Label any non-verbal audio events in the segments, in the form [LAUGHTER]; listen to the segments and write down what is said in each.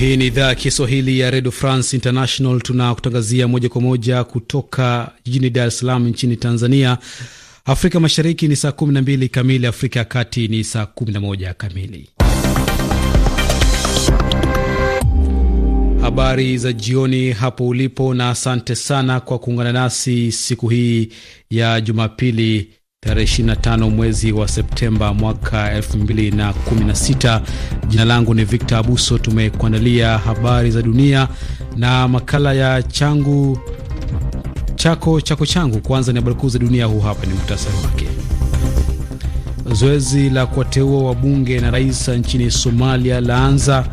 Hii ni idhaa ya Kiswahili ya redio France International. Tunakutangazia moja kwa moja kutoka jijini Dar es Salaam nchini Tanzania. Afrika Mashariki ni saa 12 kamili, Afrika ya Kati ni saa 11 kamili. habari za jioni hapo ulipo, na asante sana kwa kuungana nasi siku hii ya Jumapili tarehe 25 mwezi wa Septemba mwaka 2016. Jina langu ni Victor Abuso. Tumekuandalia habari za dunia na makala ya changu chako chako changu. Kwanza ni habari kuu za dunia, huu hapa ni muhtasari wake. Zoezi la kuwateua wabunge na rais nchini Somalia laanza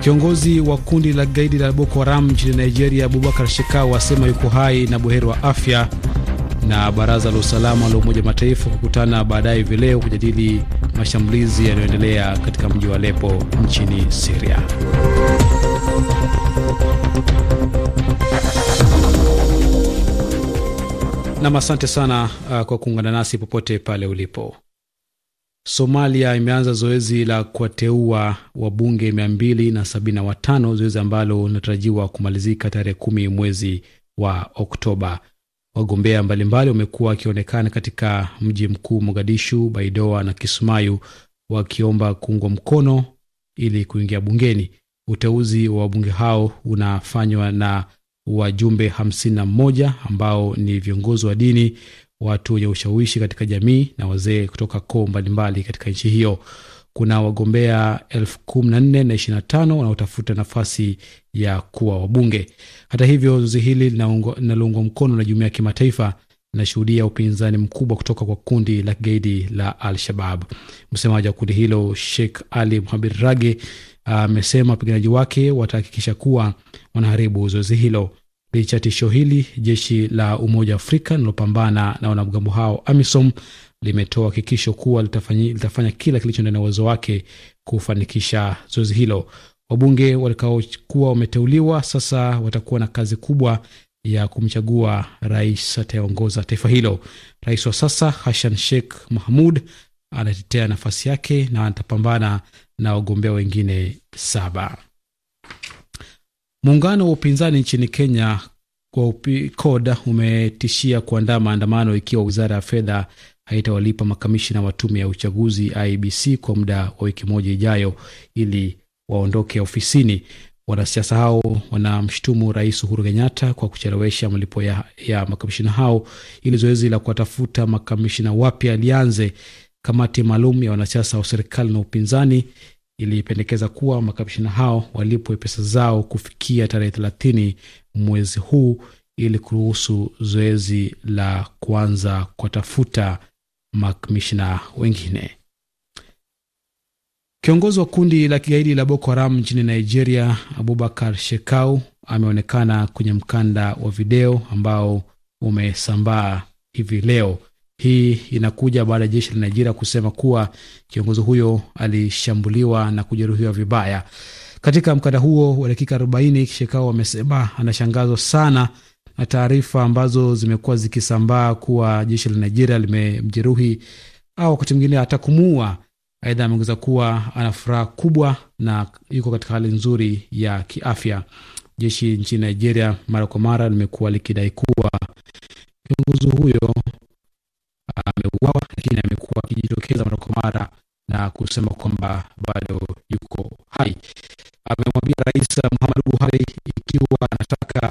Kiongozi wa kundi la gaidi la Boko Haram nchini Nigeria, Abubakar Shekau, asema yuko hai na buheri wa afya. Na baraza la usalama la Umoja Mataifa kukutana baadaye hivi leo kujadili mashambulizi yanayoendelea katika mji wa Aleppo nchini Syria. Nam, asante sana uh, kwa kuungana nasi popote pale ulipo. Somalia imeanza zoezi la kuwateua wabunge mia mbili na sabini na watano, zoezi ambalo linatarajiwa kumalizika tarehe kumi mwezi wa Oktoba. Wagombea mbalimbali wamekuwa wakionekana katika mji mkuu Mogadishu, Baidoa na Kismayu wakiomba kuungwa mkono ili kuingia bungeni. Uteuzi wa wabunge hao unafanywa na wajumbe 51 ambao ni viongozi wa dini, watu wenye ushawishi katika jamii na wazee kutoka koo mbalimbali katika nchi hiyo. Kuna wagombea elfu kumi na nne na ishirini na tano wanaotafuta nafasi ya kuwa wabunge. Hata hivyo, zoezi hili linaloungwa mkono na jumuiya ya kimataifa linashuhudia upinzani mkubwa kutoka kwa kundi la kigaidi la Al-Shabab. Msemaji wa kundi hilo Sheikh Ali Muhamed Rage amesema uh, wapiganaji wake watahakikisha kuwa wanaharibu zoezi hilo. Licha ya tishio hili, jeshi la Umoja wa Afrika linalopambana na wanamgambo hao AMISOM limetoa hakikisho kuwa litafanya, litafanya kila kilicho ndani ya uwezo wake kufanikisha zoezi hilo. Wabunge watakaokuwa wameteuliwa sasa watakuwa na kazi kubwa ya kumchagua rais atayeongoza taifa hilo. Rais wa sasa hashan Sheikh Mahmud anatetea nafasi yake na atapambana na wagombea wengine saba. Muungano wa upinzani nchini Kenya kwa upi, Koda umetishia kuandaa maandamano ikiwa wizara ya fedha haitawalipa makamishina wa tume ya uchaguzi ibc e kwa muda wa wiki moja ijayo ili waondoke ofisini. Wanasiasa hao wanamshutumu Rais Uhuru Kenyatta kwa kuchelewesha malipo ya, ya makamishina hao ili zoezi la kuwatafuta makamishina wapya lianze. Kamati maalum ya wanasiasa wa serikali na upinzani ilipendekeza kuwa makamishina hao walipwe pesa zao kufikia tarehe thelathini mwezi huu ili kuruhusu zoezi la kuanza kuwatafuta makamishina wengine. Kiongozi wa kundi la kigaidi la Boko Haram nchini Nigeria, Abubakar Shekau, ameonekana kwenye mkanda wa video ambao umesambaa hivi leo hii inakuja baada ya jeshi la Nigeria kusema kuwa kiongozi huyo alishambuliwa na kujeruhiwa vibaya. Katika mkanda huo wa dakika 40, Shekau wamesema anashangazwa sana na taarifa ambazo zimekuwa zikisambaa kuwa jeshi la Nigeria limemjeruhi au wakati mwingine atakumua Aidha, ameongeza kuwa ana furaha kubwa na yuko katika hali nzuri ya kiafya. Jeshi nchini Nigeria mara kwa mara limekuwa likidai kuwa kiongozi huyo ameuawa, lakini amekuwa akijitokeza mara kwa mara na kusema kwamba bado yuko hai. Amemwambia Rais Muhammadu Buhari ikiwa anataka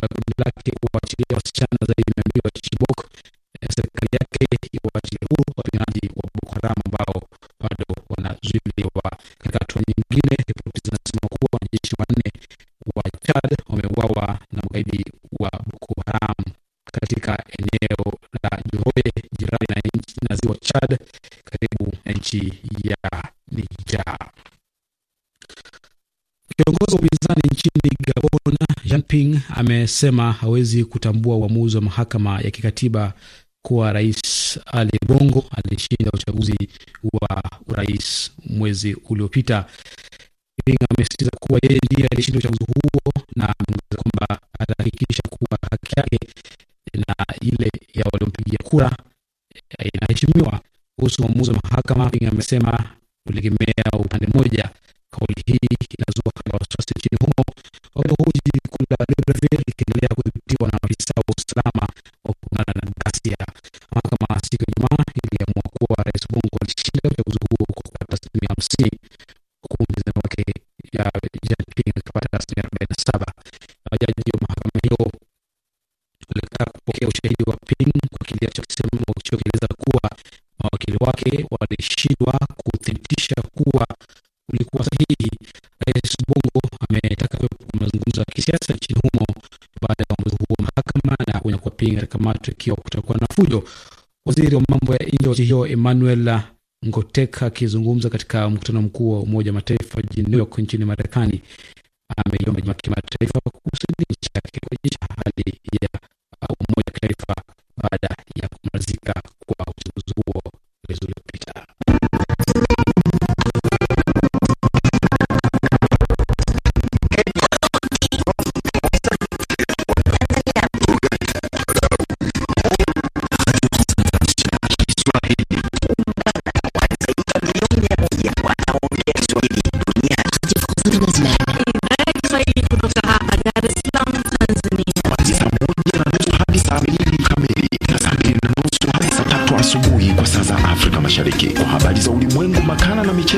eh, kundi lake kuachilia wasichana zaidi ya mia mbili wa Chibok, eh, serikali yake iwaachilie huru wapiganaji wa Boko Haram ambao bado wanazuiliwa nchi ya Niger. Kiongozi wa upinzani nchini Gabon, Jean Ping, amesema hawezi kutambua uamuzi wa mahakama ya kikatiba kuwa Rais Ali Bongo alishinda uchaguzi wa urais mwezi uliopita. Ping amesitiza kuwa yeye ndiye alishinda uchaguzi huo na ameongeza kwamba atahakikisha kuwa haki yake na ile ya waliompigia kura inaheshimiwa kuhusu uamuzi wa mahakama, Ping amesema kulegemea upande mmoja. Kauli hii inazua hali ya wasiwasi nchini humo, wakati huu jiji kuu la Libreville likiendelea kudhibitiwa na maafisa wa usalama wa kupambana na ghasia. Mahakama siku ya Ijumaa iliamua kuwa Rais Bongo alishinda uchaguzi huo kwa kupata asilimia hamsini huku mpinzani wake Jean Ping akipata asilimia arobaini na saba. Majaji wa mahakama hiyo walikataa kupokea ushahidi wa Ping kwa kile alichokisema kuwa mawakili wake walishindwa kuthibitisha kuwa ulikuwa sahihi. Rais Bongo ametaka kuwepo kwa mazungumzo ya kisiasa nchini humo baada ya uamuzi huo mahakama na kunya kuwapinga katika mato ikiwa kutakuwa na fujo. Waziri wa mambo ya nje wa nchi hiyo Emmanuel Ngoteka akizungumza katika mkutano mkuu wa Umoja wa Mataifa jijini New York nchini Marekani ameiomba jumuiya ya kimataifa kusaidia nchi yake kurejesha hali ya umoja wa kitaifa baada ya kumalizika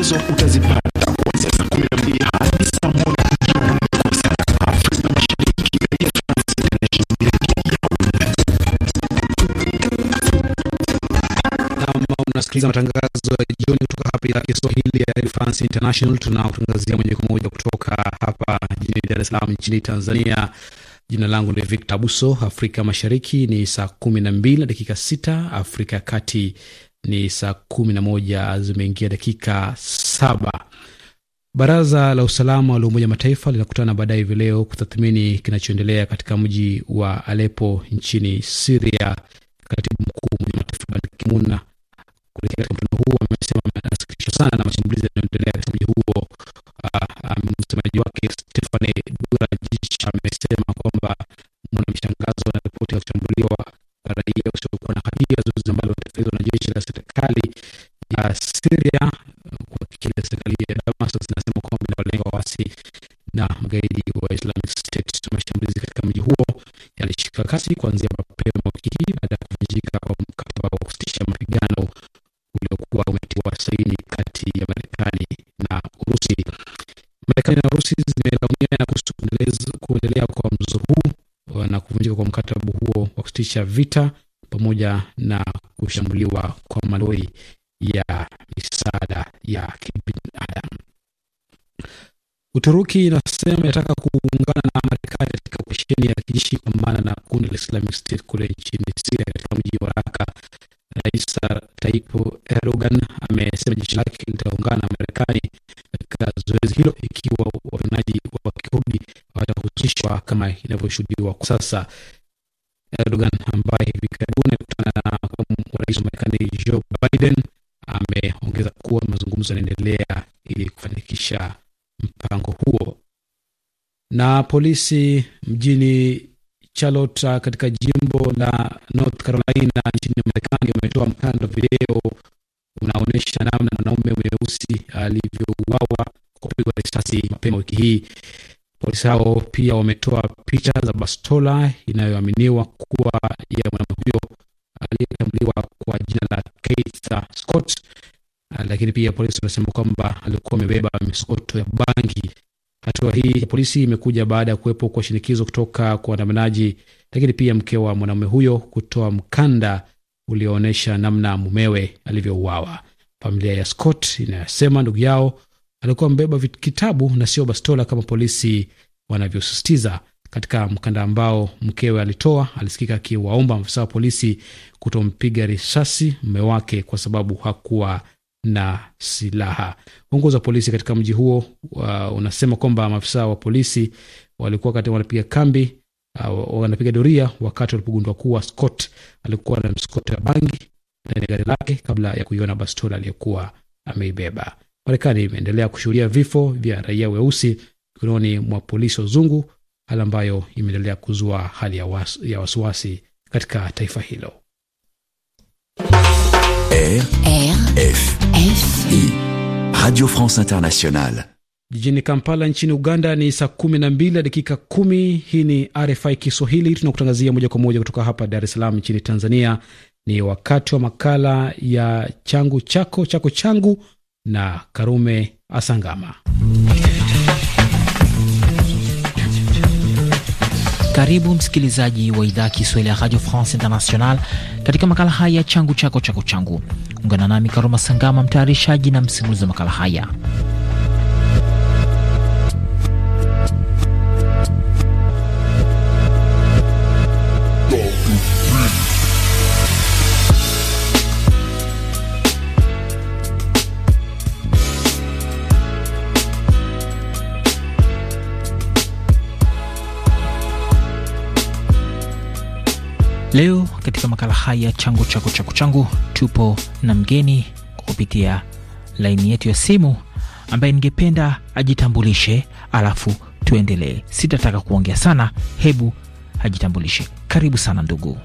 Nyinginezo utazipata kuanzia saa kumi na mbili hadi saa moja jioni kwa saa za Afrika Mashariki. Kama unasikiliza matangazo ya jioni kutoka hapa idhaa ya Kiswahili ya Radio France International, tunaotangazia moja kwa moja kutoka hapa jijini Dar es Salaam nchini Tanzania. Jina langu ni Victor Buso. Afrika Mashariki ni saa kumi na mbili na dakika sita, Afrika ya Kati ni saa kumi na moja zimeingia dakika saba. Baraza la usalama la Umoja Mataifa linakutana baadaye hivi leo kutathmini kinachoendelea katika mji wa Alepo nchini Siria. Katibu mkuu wa Umoja Mataifa Ban Ki-moon kuelekea katika mkutano huu amesema anasikitishwa sana na mashambulizi yanayoendelea katika mji huo. Ah, ah, msemaji wake Stefani Durajich amesema kwamba mwana mshangazo na ripoti ya kushambuliwa raia wasiokuwa na hatia jeshi la serikali ya Syria kwa kile serikali ya Damascus inasema kwamba inawalenga waasi na magaidi wa Islamic State. Mashambulizi katika mji huo yalishika kasi kuanzia mapema wiki hii baada ya kuvunjika kwa mkataba wa kusitisha mapigano uliokuwa umetiwa saini kati ya Marekani na Urusi. Marekani na Urusi zimelaumiana kuhusu kuendelea kwa mzozo huu na kuvunjika kwa mkataba huo wa kusitisha vita pamoja na kushambuliwa kwa malori ya misaada ya kibinadamu. Uturuki inasema inataka kuungana na Marekani katika operesheni ya kijeshi kupambana na kundi la Islamic State kule nchini Siria, katika mji wa Raka. Rais Tayyip Erdogan amesema jeshi lake litaungana na Marekani katika zoezi hilo ikiwa wapiganaji wa kikurdi watahusishwa kama inavyoshuhudiwa kwa sasa. Erdogan ambaye hivi karibuni alikutana na makamu wa rais wa Marekani Joe Biden ameongeza kuwa mazungumzo yanaendelea ili kufanikisha mpango huo. Na polisi mjini Charlotte katika jimbo la North Carolina nchini Marekani wametoa mkanda wa video unaonyesha namna mwanaume mweusi alivyouawa kwa kupigwa risasi mapema wiki hii Polisi hao pia wametoa picha za bastola inayoaminiwa kuwa ya mwanaume huyo aliyetambuliwa kwa jina la Keitha Scott, ah, lakini pia polisi wanasema kwamba alikuwa amebeba misokoto ya bangi. Hatua hii ya polisi imekuja baada ya kuwepo kwa shinikizo kutoka kwa waandamanaji, lakini pia mke wa mwanamume huyo kutoa mkanda ulioonyesha namna mumewe alivyouawa. Familia ya Scott inasema ndugu yao alikuwa amebeba kitabu na sio bastola kama polisi wanavyosisitiza. Katika mkanda ambao mkewe alitoa, alisikika akiwaomba maafisa wa polisi kutompiga risasi mme wake kwa sababu hakuwa na silaha. Uongozi wa polisi katika mji huo uh, unasema kwamba maafisa wa polisi walikuwa kati wanapiga kambi uh, wanapiga doria wakati walipogundua kuwa Scott alikuwa na mskoto ya bangi ndani ya gari lake kabla ya kuiona bastola aliyokuwa ameibeba. Marekani imeendelea kushuhudia vifo vya raia weusi mikononi mwa polisi wazungu, hali ambayo imeendelea kuzua hali ya, was, ya wasiwasi katika taifa hilo. RFI Radio France Internationale jijini Kampala nchini Uganda ni saa kumi na mbili na dakika kumi. Hii ni RFI Kiswahili, tunakutangazia moja kwa moja kutoka hapa Dar es Salaam nchini Tanzania. Ni wakati wa makala ya changu chako chako changu, na Karume Asangama. Karibu msikilizaji wa idhaa Kiswahili ya Radio France International katika makala haya changu chako chako changu. Ungana nami Karume Asangama, mtayarishaji na msimulizi wa makala haya. Leo katika makala haya changu chako chako changu, tupo na mgeni kupitia laini yetu ya simu ambaye ningependa ajitambulishe, alafu tuendelee. Sitataka kuongea sana, hebu ajitambulishe. Karibu sana ndugu.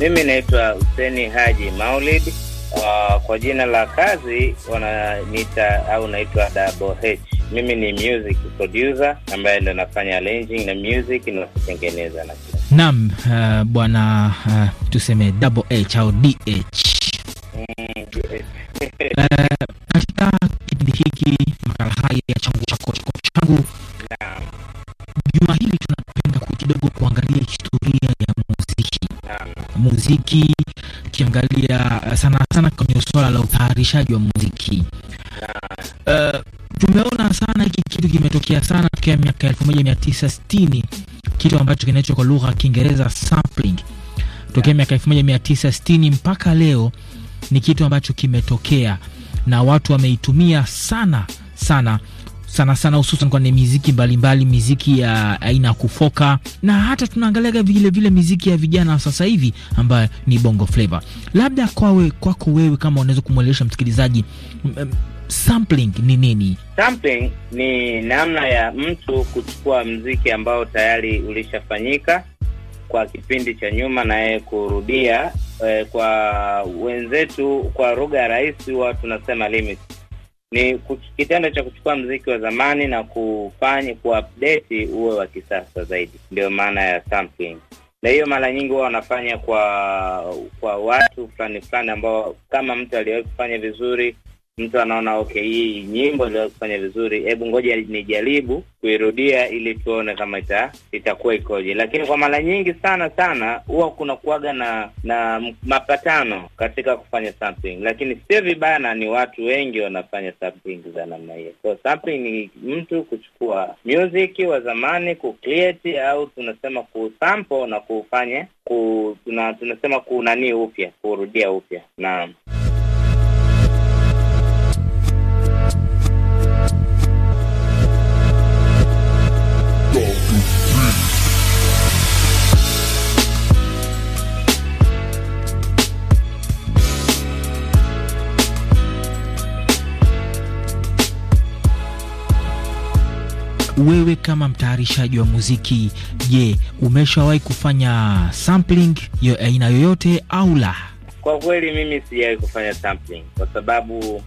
Mimi naitwa Huseni Haji Maulidi. Kwa, ah, kwa jina la kazi wananiita au naitwa H. Mimi ni music producer ambaye ndo nafanya arranging na music na kutengeneza na kila. Naam, uh, bwana uh, tuseme Double H au DH. Mm, eh, katika uh, kipindi hiki makala haya ya changu chako chako changu juma hili tunapenda kidogo kuangalia historia ya muziki. Naam. Muziki ukiangalia eh, sana sana kwenye swala la utayarishaji wa muziki uh, tumeona sana hiki kitu kimetokea sana tokea miaka elfu moja mia tisa sitini kitu ambacho kinaitwa kwa lugha ya Kiingereza sampling tokea miaka elfu moja mia tisa sitini mpaka leo ni kitu ambacho kimetokea na watu wameitumia sana sana sana sana, hususan kwenye miziki mbalimbali mbali, miziki ya aina ya kufoka na hata tunaangalia vile vile miziki ya vijana sasa hivi ambayo ni bongo flavor. Labda kwawe kwako wewe kama unaweza kumwelesha msikilizaji sampling ni nini? Sampling ni namna ya mtu kuchukua mziki ambao tayari ulishafanyika kwa kipindi cha nyuma na yeye kurudia. Eh, kwa wenzetu kwa lugha ya rahisi huwa tunasema limit ni kitendo cha kuchukua mziki wa zamani na kufanya kuupdate uwe wa kisasa zaidi, ndio maana ya sampling. Na hiyo mara nyingi huwa wanafanya kwa kwa watu fulani fulani ambao kama mtu aliwahi kufanya vizuri mtu anaona okay, hii nyimbo ndio kufanya vizuri, hebu ngoja nijaribu kuirudia ili tuone kama ita, itakuwa ikoje. Lakini kwa mara nyingi sana sana huwa kuna kuwaga na na mapatano katika kufanya sampling, lakini sio vibaya, na ni watu wengi wanafanya sampling za namna hiyo. So sampling ni mtu kuchukua music wa zamani kucreate, au tunasema kusample na kufanya ku, tuna, tunasema kunani upya, kurudia upya. Naam. Wewe kama mtayarishaji wa muziki, je, umeshawahi kufanya sampling ya aina yoyote au la? Kwa kweli mimi sijawahi kufanya sampling kwa sababu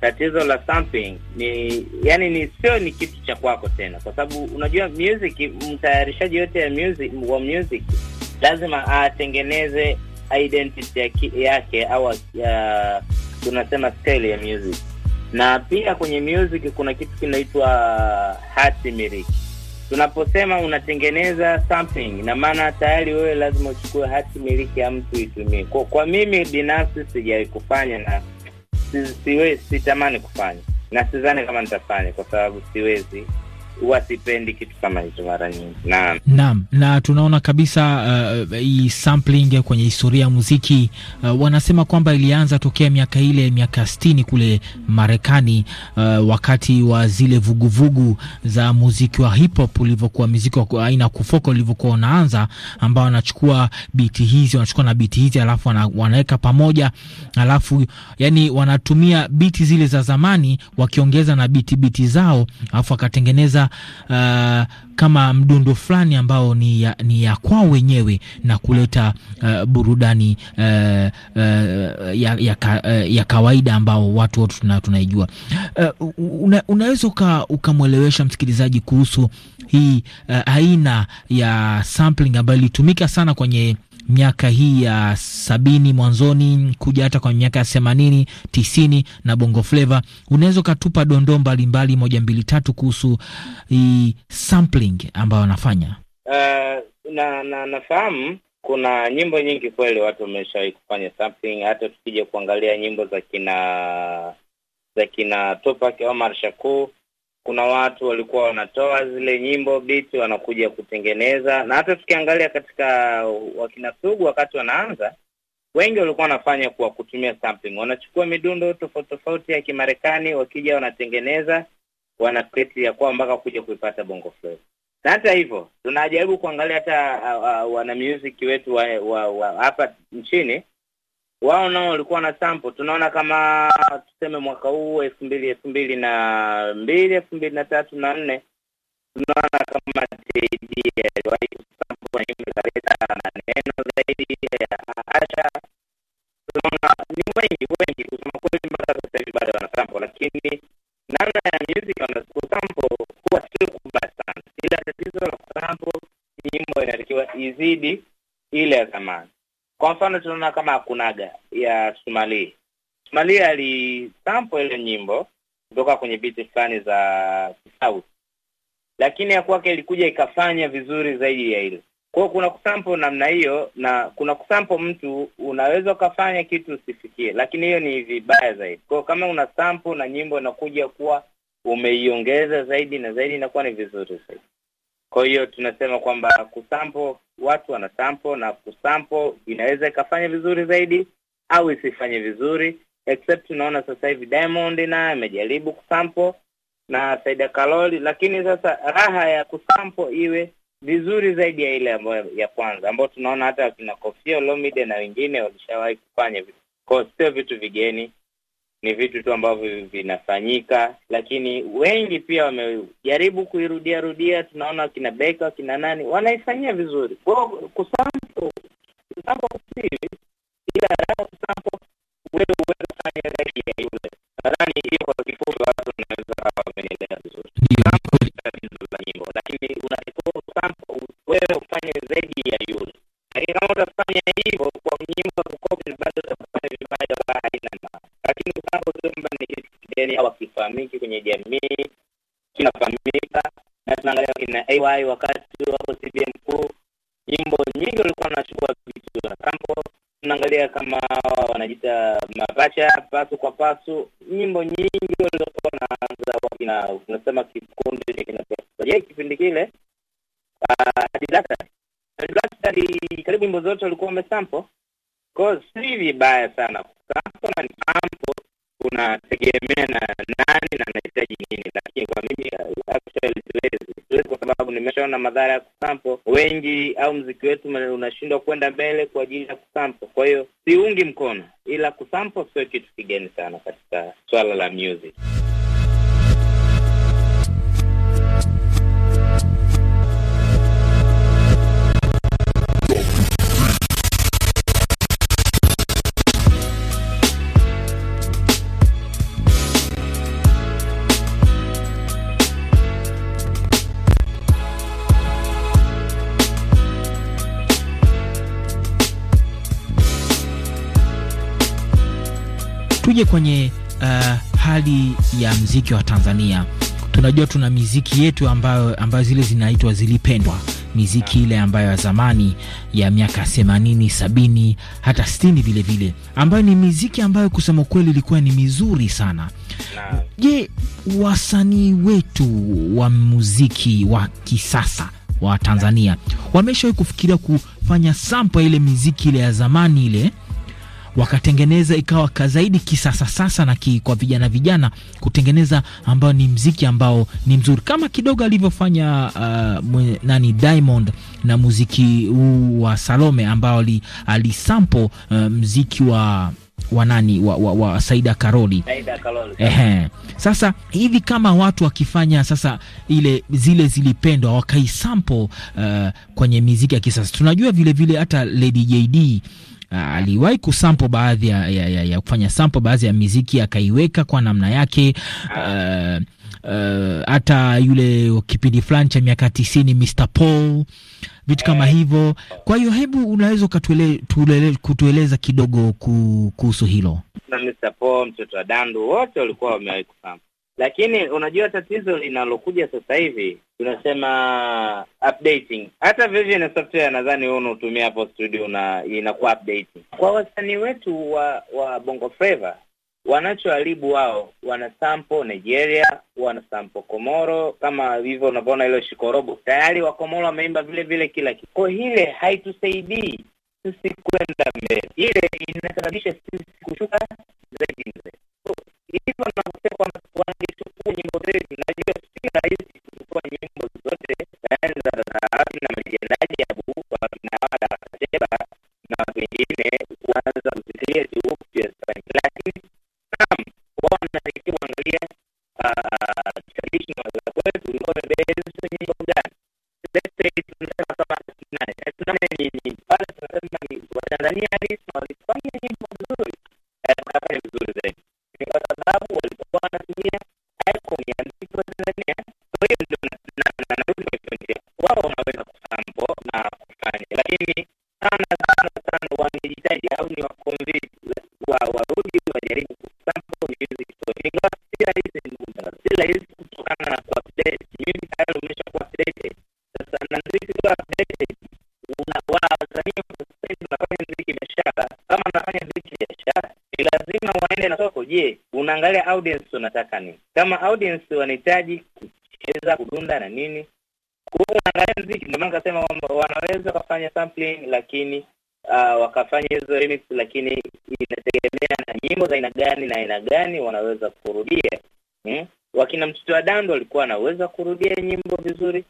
tatizo la sampling ni yani ni sio ni kitu cha kwako tena, kwa sababu unajua music, mtayarishaji yote ya music, wa music lazima atengeneze identity yake au tunasema style ya music na pia kwenye music kuna kitu kinaitwa heart Tunaposema unatengeneza something, na maana tayari wewe lazima uchukue heart ya mtu itumie. Kwa, kwa mimi binafsi sijawahi kufanya na siwe sitamani kufanya na sidhani kama nitafanya kwa sababu siwezi huwa sipendi kitu kama hicho mara nyingi. Naam, naam. Na tunaona kabisa uh, hii sampling kwenye historia ya muziki uh, wanasema kwamba ilianza tokea miaka ile miaka sitini kule Marekani, uh, wakati wa zile vuguvugu vugu za muziki wa hip hop ulivyokuwa, muziki wa aina kufoka ulivyokuwa unaanza, ambao wanachukua biti hizi wanachukua na biti hizi alafu wana, wanaweka pamoja alafu yani wanatumia biti zile za zamani wakiongeza na biti biti zao alafu wakatengeneza uh, kama mdundo fulani ambao ni ya, ni ya kwao wenyewe na kuleta uh, burudani uh, uh, ya, ya, ka, uh, ya kawaida ambao watu wote tunaijua. Uh, una, unaweza ukamwelewesha msikilizaji kuhusu hii uh, aina ya sampling ambayo ilitumika sana kwenye miaka hii ya sabini mwanzoni kuja hata kwa miaka ya themanini tisini na bongo fleva, unaweza ukatupa dondoo mbalimbali moja mbili tatu kuhusu hii sampling ambayo wanafanya? Uh, na, na nafahamu kuna nyimbo nyingi kweli watu wameshawahi kufanya sampling. Hata tukija kuangalia nyimbo za kina za kina Tupac, Omar Shakur kuna watu walikuwa wanatoa zile nyimbo biti, wanakuja kutengeneza, na hata tukiangalia katika wakina Sugu wakati wanaanza wengi walikuwa wanafanya kwa kutumia sampling. Wanachukua midundo tofauti tofauti ya Kimarekani, wakija wanatengeneza, wanaketi ya kwao mpaka kuja kuipata bongo flava. Na hata hivyo tunajaribu kuangalia hata uh, uh, wana music wetu wa hapa wa, wa, nchini wao nao walikuwa na sample. Tunaona kama tuseme mwaka huu elfu mbili elfu mbili na mbili elfu mbili na tatu na nne tunaona kama JD aliwahi kusample nyimbo ikaleta maneno zaidi hasha. Tunaona ni wengi wengi, kusema kweli, mpaka sasa hivi bado wanasample, lakini namna ya music wanakusample huwa sio kubwa sana, ila tatizo la kusample nyimbo inatakiwa izidi ile ya zamani. Kwa mfano tunaona kama akunaga ya Sumali. Sumali alisampo ile nyimbo kutoka kwenye biti fulani za South, lakini ya kwake ilikuja ikafanya vizuri zaidi ya ile. Kwa hiyo kuna kusampo namna hiyo, na kuna kusampo mtu unaweza ukafanya kitu usifikie, lakini hiyo ni vibaya zaidi. Kwa hiyo kama una sampo na nyimbo inakuja kuwa umeiongeza zaidi na zaidi, inakuwa ni vizuri zaidi. Kwa hiyo tunasema kwamba kusampo, watu sampo na kusampo inaweza ikafanya vizuri zaidi au isifanye vizuri, except tunaona sasa hivi Diamond naye amejaribu kusampo na Saida Kaloli, lakini sasa raha ya kusampo iwe vizuri zaidi ya ile ambayo ya kwanza ambayo tunaona hata wakina kofia Olomide na wengine walishawahi kufanya, kwa sio vitu vigeni ni vitu tu ambavyo vinafanyika, lakini wengi pia wamejaribu kuirudia rudia. Tunaona kina Beka wakina nani wanaifanyia vizuri kwao kusampo kusampo ila kusampo zaidi ya yule. Nadhani hiyo kwa kifupi watu wanaweza vizuri nyimbo, lakini unatakiwa kusampo wewe ufanye zaidi ya yule, lakini kama utafanya hivyo kwa nyimbo kukopi bado lakini mpango kwamba ni kitu kigeni au akifahamiki kwenye jamii, kinafahamika na tunaangalia kina AY wakati wapo CBM kuu, nyimbo nyingi walikuwa wanachukua vitu vya kampo, tunaangalia kama wanajita mapacha pasu kwa pasu, nyimbo nyingi walizokuwa wanaanza wakina, tunasema kikundi cha kina je, kipindi kile hadi ah, data hadi karibu nyimbo zote walikuwa wamesampo si vibaya sana kama ni unategemea na nani na anahitaji nini, lakini kwa mimi siwezi, kwa sababu nimeshaona madhara ya kusampo. Wengi au mziki wetu unashindwa kwenda mbele kwa ajili ya kusampo. Kwa hiyo siungi mkono, ila kusampo sio kitu kigeni sana katika swala la music. tuje kwenye uh, hali ya mziki wa Tanzania. Tunajua tuna miziki yetu ambayo, ambayo zile zinaitwa zilipendwa miziki ile ambayo ya zamani ya miaka 80, sabini, hata 60 vile vile, ambayo ni miziki ambayo kusema kweli ilikuwa ni mizuri sana. Je, wasanii wetu wa muziki wa kisasa wa Tanzania wameshawahi kufikiria kufanya sample ile miziki ile ya zamani ile wakatengeneza ikawa zaidi kisasa sasa na ki, kwa vijana vijana kutengeneza ambao ni mziki ambao ni mzuri kama kidogo alivyofanya uh, nani Diamond na muziki huu wa Salome ambao alisampo uh, mziki wa wa nani wa, wa, wa Saida Karoli. Saida Karoli. Ehe. Sasa hivi kama watu wakifanya sasa ile zile zilipendwa wakaisampo uh, kwenye miziki ya kisasa tunajua vilevile hata Lady JD Ah, aliwahi kusampo baadhi ya, ya, ya, ya kufanya sampo baadhi ya miziki akaiweka kwa namna yake eh, eh, hata uh, uh, yule kipindi fulani cha miaka tisini Mr Paul vitu kama eh. hivyo. Kwa hiyo hebu unaweza kutueleza kidogo kuhusu hilo. Mr Paul, mtoto wa Dandu, wote walikuwa wamewahi kusampo lakini unajua tatizo linalokuja sasa hivi tunasema updating. Hata version software nadhani wewe unaotumia hapo studio na inakuwa updating. Kwa wasanii wetu wa wa Bongo Flava wanachoharibu wao, wana sample Nigeria, wana sample Komoro, kama hivyo unavyoona ile shikorobo tayari wa Komoro wameimba vile vile kila kitu. Kwa ile haitusaidii sisi kwenda mbele, ile inasababisha sisi kushuka zaidi mbele. hivyo nakusema kwamba wangechukua nyimbo zetu. Najua si rahisi kuchukua nyimbo zote eh, za na majenaji abu na wakina wala na wengine kuanza kuzikrieti huko kama audience wanahitaji kucheza kudunda na nini kuangalia mziki ndio maana kasema kwamba wanaweza kufanya sampling lakini uh, wakafanya hizo remix lakini inategemea na nyimbo za aina gani na aina gani wanaweza kurudia hmm? wakina mtoto wa dando walikuwa wanaweza kurudia nyimbo vizuri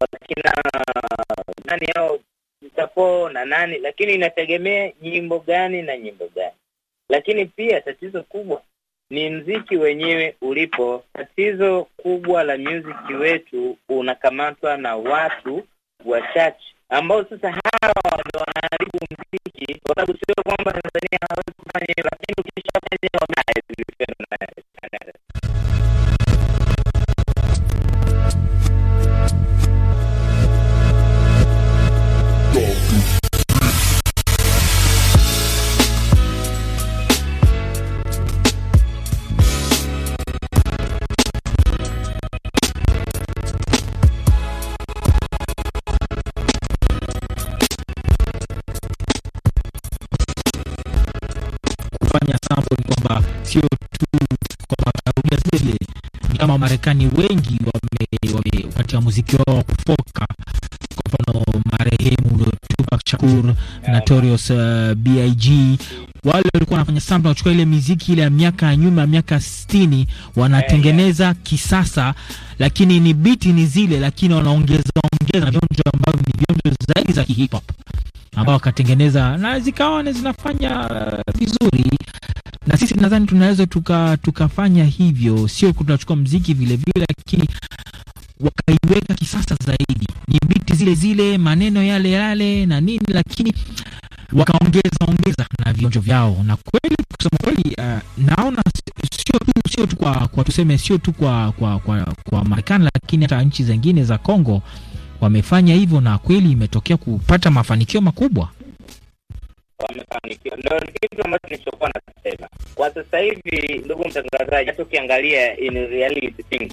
wakina nani yao mtapo na nani lakini inategemea nyimbo gani na nyimbo gani lakini pia tatizo kubwa ni mziki wenyewe ulipo. Tatizo kubwa la muziki wetu unakamatwa na watu wachache ambao sasa hawa ndio wanaharibu mziki, kwa sababu sio kwamba Tanzania hawezi kufanya hiyo, lakini ukishafanya Wamarekani wengi wamepatia muziki wao wa kufoka. Kwa mfano marehemu Tupac Shakur, Notorious uh, B.I.G wale walikuwa wanafanya sample, wanachukua ile miziki ile ya miaka ya nyuma ya miaka sitini, wanatengeneza kisasa, lakini ni biti ni zile, lakini wanaongeza ongeza na vionjo ambavyo ni vionjo zaidi za kihip hop ambao wakatengeneza na zikawa zinafanya uh, vizuri na sisi nadhani tunaweza tuka, tukafanya hivyo, sio tunachukua mziki vilevile, lakini wakaiweka kisasa zaidi, ni biti zile zile, maneno yale yale na nini, lakini wakaongeza ongeza na vionjo vyao, na kweli kusema kweli, uh, naona sio tu sio tu kwa, kwa tuseme sio tu kwa, kwa, kwa, kwa Marekani, lakini hata nchi zingine za Kongo wamefanya hivyo, na kweli imetokea kupata mafanikio makubwa wamefanikiwa. Ndio kitu ambacho nilichokuwa nakisema kwa sasa hivi, ndugu mtangazaji, hata ukiangalia in reality things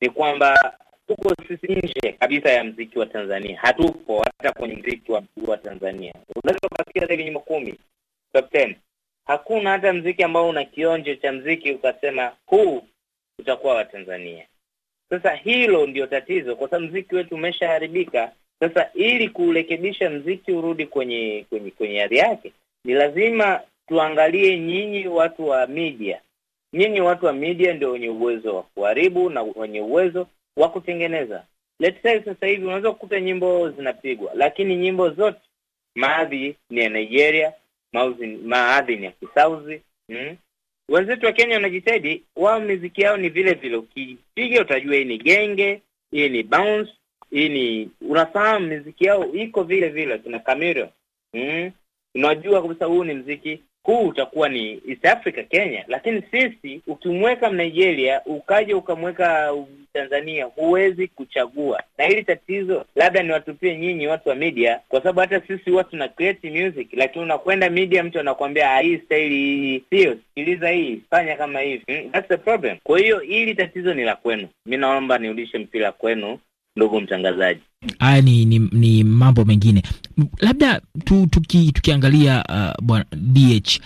ni kwamba tuko sisi nje kabisa ya mziki wa Tanzania, hatupo hata kwenye mziki wa, wa Tanzania. Unaweza ukasikia hivi nyimbo kumi top 10 hakuna hata mziki ambao una kionjo cha mziki ukasema huu utakuwa wa Tanzania. Sasa hilo ndio tatizo, kwa sababu mziki wetu umeshaharibika. Sasa ili kurekebisha mziki urudi kwenye kwenye kwenye hali yake, ni lazima tuangalie nyinyi watu wa media. Nyinyi watu wa media ndio wenye uwezo wa kuharibu na wenye uwezo wa kutengeneza. Let's say sasa hivi unaweza kukuta nyimbo zinapigwa, lakini nyimbo zote maadhi ni ya Nigeria, maadhi ni ya Kisauzi mm. Wenzetu wa Kenya wanajitahidi, wao miziki yao ni vile vile, ukipiga utajua hii ni genge, hii ni bounce hii ni unafahamu, miziki yao iko vile vile. Tuna Camilo mm, unajua kabisa huu ni mziki huu utakuwa ni East Africa Kenya, lakini sisi ukimweka Nigeria ukaja ukamweka Tanzania huwezi kuchagua, na hili tatizo labda niwatupie nyinyi watu wa media, kwa sababu hata sisi huwa tuna create music, lakini unakwenda media, mtu anakuambia ah, hii staili hii sio, sikiliza hii, fanya kama hivi. Mm, that's the problem. Kwa hiyo hili tatizo ni la kwenu, mi naomba nirudishe mpira kwenu ndugu mtangazaji. Haya ni, ni, ni mambo mengine labda tu, tuki, tukiangalia uh, bwana DH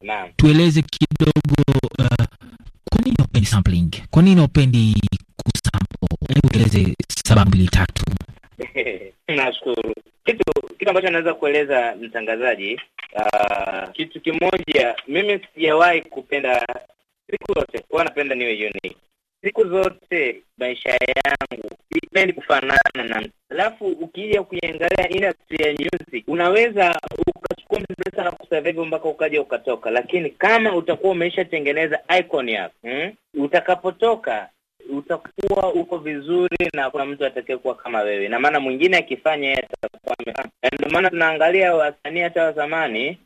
naam, tueleze kidogo uh, kwa nini upendi sampling, kwa nini upendi kusample? Hebu tueleze sababu mbili tatu. [LAUGHS] Nashukuru. Kitu kitu ambacho naweza kueleza mtangazaji, uh, kitu kimoja, mimi sijawahi kupenda siku yote kuwa napenda niwe unique siku zote maisha yangu ipendi kufanana na alafu ukija kuiangalia industry ya music unaweza ukachukua mpesa na kusurvive mpaka ukaja ukatoka, lakini kama utakuwa umeishatengeneza icon yako hmm? utakapotoka utakuwa uko vizuri na kuna mtu kuwa kama wewe, na maana mwingine akifanya yeye atakuwa amefanya. Ndio maana tunaangalia wasanii hata wa zamani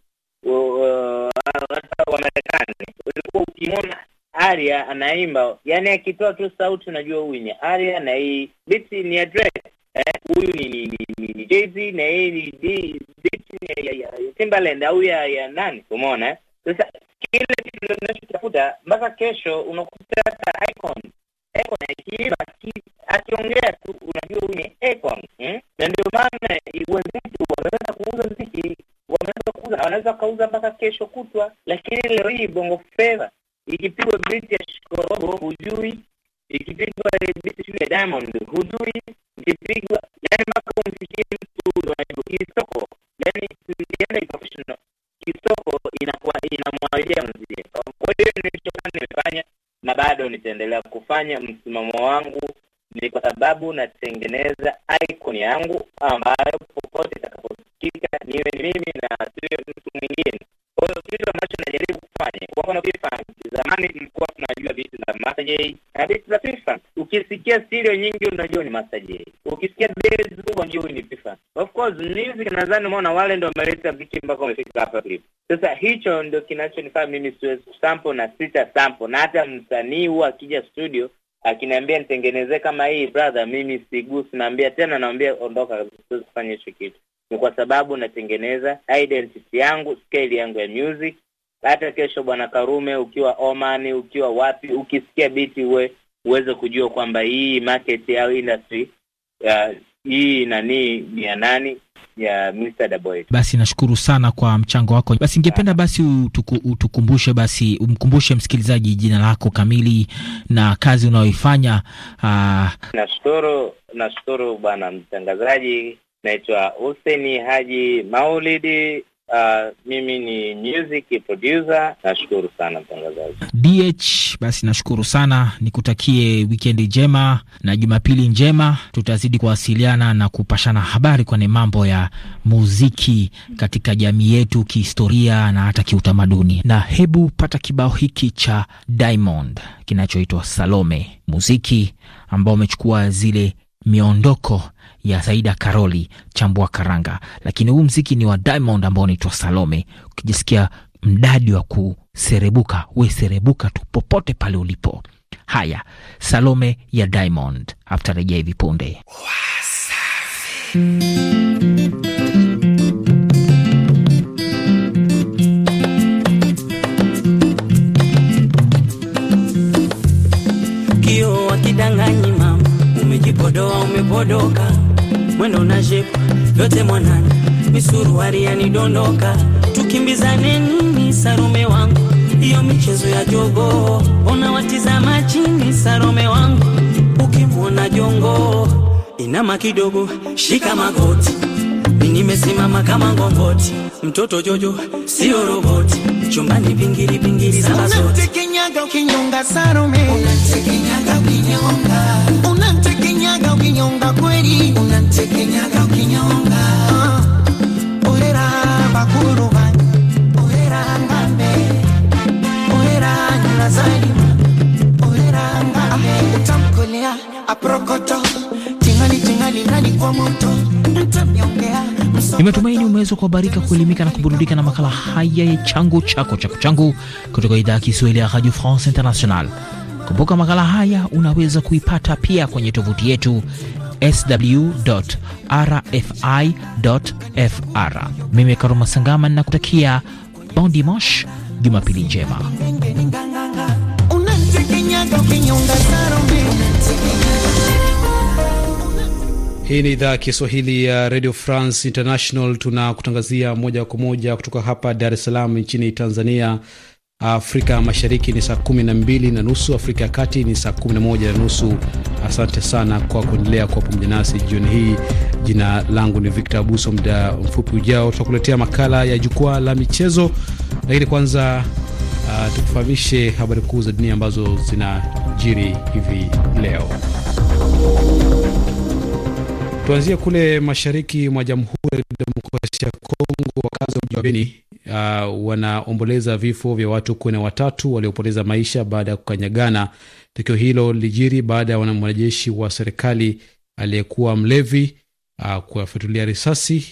uh, hata wa Marekani, ulikuwa ukimwona aria anaimba, yani akitoa tu sauti unajua huyu ni aria na hii biti ni address Drake, eh, huyu eh, ni ni, ni, ni Jay-Z na hii ni biti ya, ya, ya Timbaland au ya, ya nani, umeona Sasa kile kitu tunachotafuta mpaka kesho unakuta hata icon icon akiimba akiongea tu unajua huyu ni icon hmm? Na ndio maana wenzetu wameweza kuuza mziki, wameweza kuuza, wanaweza kuuza mpaka kesho kutwa, lakini leo hii bongo flava ikipigwa biti ya Shikorobo hujui, ikipigwa shule ya Diamond hujui, ikipigwa yani mpaka umfikie mtu kisoko, yani yani professional kisoko inakuwa inamwalia mzee. Kwa hiyo nilichokuwa nimefanya na bado nitaendelea kufanya, msimamo wangu ni kwa sababu natengeneza icon yangu ambayo popote itakaposikika niwe ni mimi na siwe mtu mwingine. Kwa hiyo kitu ambacho najaribu tufanye, wako na FIFA. Zamani tulikuwa tunajua vitu za Master Jay na vitu za FIFA. Ukisikia stereo nyingi unajua ni Master Jay, ukisikia bass kubwa ndio ni FIFA. Of course music, nadhani umeona wale ndio wameleta viki mpaka wamefika hapa clip. Sasa hicho ndio kinachonifaa mimi siwezi sample na sita sample, na hata msanii huwa akija studio akiniambia nitengenezee kama hii brother, mimi sigusi, naambia tena, naambia ondoka kabisa, siwezi kufanya hicho kitu. Ni kwa sababu natengeneza identity yangu, scale yangu ya music, hata kesho bwana Karume, ukiwa Oman, ukiwa wapi, ukisikia biti uwe uweze kujua kwamba hii market au industry ya, hii nani ni ya nani ya Mr. Daboy. Basi nashukuru sana kwa mchango wako. Basi ningependa basi utuku, utukumbushe basi umkumbushe msikilizaji jina lako kamili na kazi unayoifanya. Ah. Nashukuru, nashukuru bwana mtangazaji. Naitwa useni Haji Maulidi Uh, mimi ni music producer. Nashukuru sana mtangazaji DH. Basi nashukuru sana, nikutakie wikendi njema na Jumapili njema. Tutazidi kuwasiliana na kupashana habari kwenye mambo ya muziki katika jamii yetu, kihistoria na hata kiutamaduni. Na hebu pata kibao hiki cha Diamond kinachoitwa Salome, muziki ambao umechukua zile miondoko ya Zaida Karoli chambua karanga, lakini huu mziki ni wa Diamond ambao unaitwa Salome. Ukijisikia mdadi wa kuserebuka, we serebuka tu popote pale ulipo. Haya, Salome ya Diamond, atarejea hivi punde. Kio wakidanganyi mama, umejipodoa umepodoka mwendo na jepu yote mwanani, misuruari yanidondoka, tukimbizane nini sarume wangu, iyo michezo ya jogoo unawatizama chini sarume wangu, ukimwona jongo inama kidogo, shika magoti, nimesimama kama ngongoti, mtoto Jojo sio roboti, chumbani pingili pingili za basoti, ukinyonga sarume, unatikinyaga ukinyonga ukinyonga kweli unanitekenyaga bakuru ngambe ngambe ah, utamkolea aprokoto tingali tingali kwa moto ntamnyongea umeweza kuhabarika, kuelimika na kuburudika na makala haya ya changu chako chako changu kutoka idhaa ya Kiswahili ya Radio France International. Kumbuka makala haya unaweza kuipata pia kwenye tovuti yetu sw.rfi.fr. Mimi Karuma Sangama ninakutakia bon dimanche, Jumapili njema. Hii ni idhaa ya Kiswahili ya Radio France International. Tunakutangazia moja kwa moja kutoka hapa Dar es Salaam nchini Tanzania. Afrika Mashariki ni saa kumi na mbili na nusu, Afrika ya Kati ni saa kumi na moja na nusu. Asante sana kwa kuendelea kuwa pamoja nasi jioni hii. Jina langu ni Victor Abuso. Muda mfupi ujao tutakuletea makala ya jukwaa la michezo, lakini kwanza uh, tukufahamishe habari kuu za dunia ambazo zinajiri hivi leo. Tuanzie kule mashariki mwa Jamhuri ya Kidemokrasia ya Kongo. Wakazi wa mji wa Beni uh, wanaomboleza vifo vya watu kumi na watatu waliopoteza maisha baada ya kukanyagana. Tukio hilo lilijiri baada ya mwanajeshi wa serikali aliyekuwa mlevi uh, kuwafuatilia risasi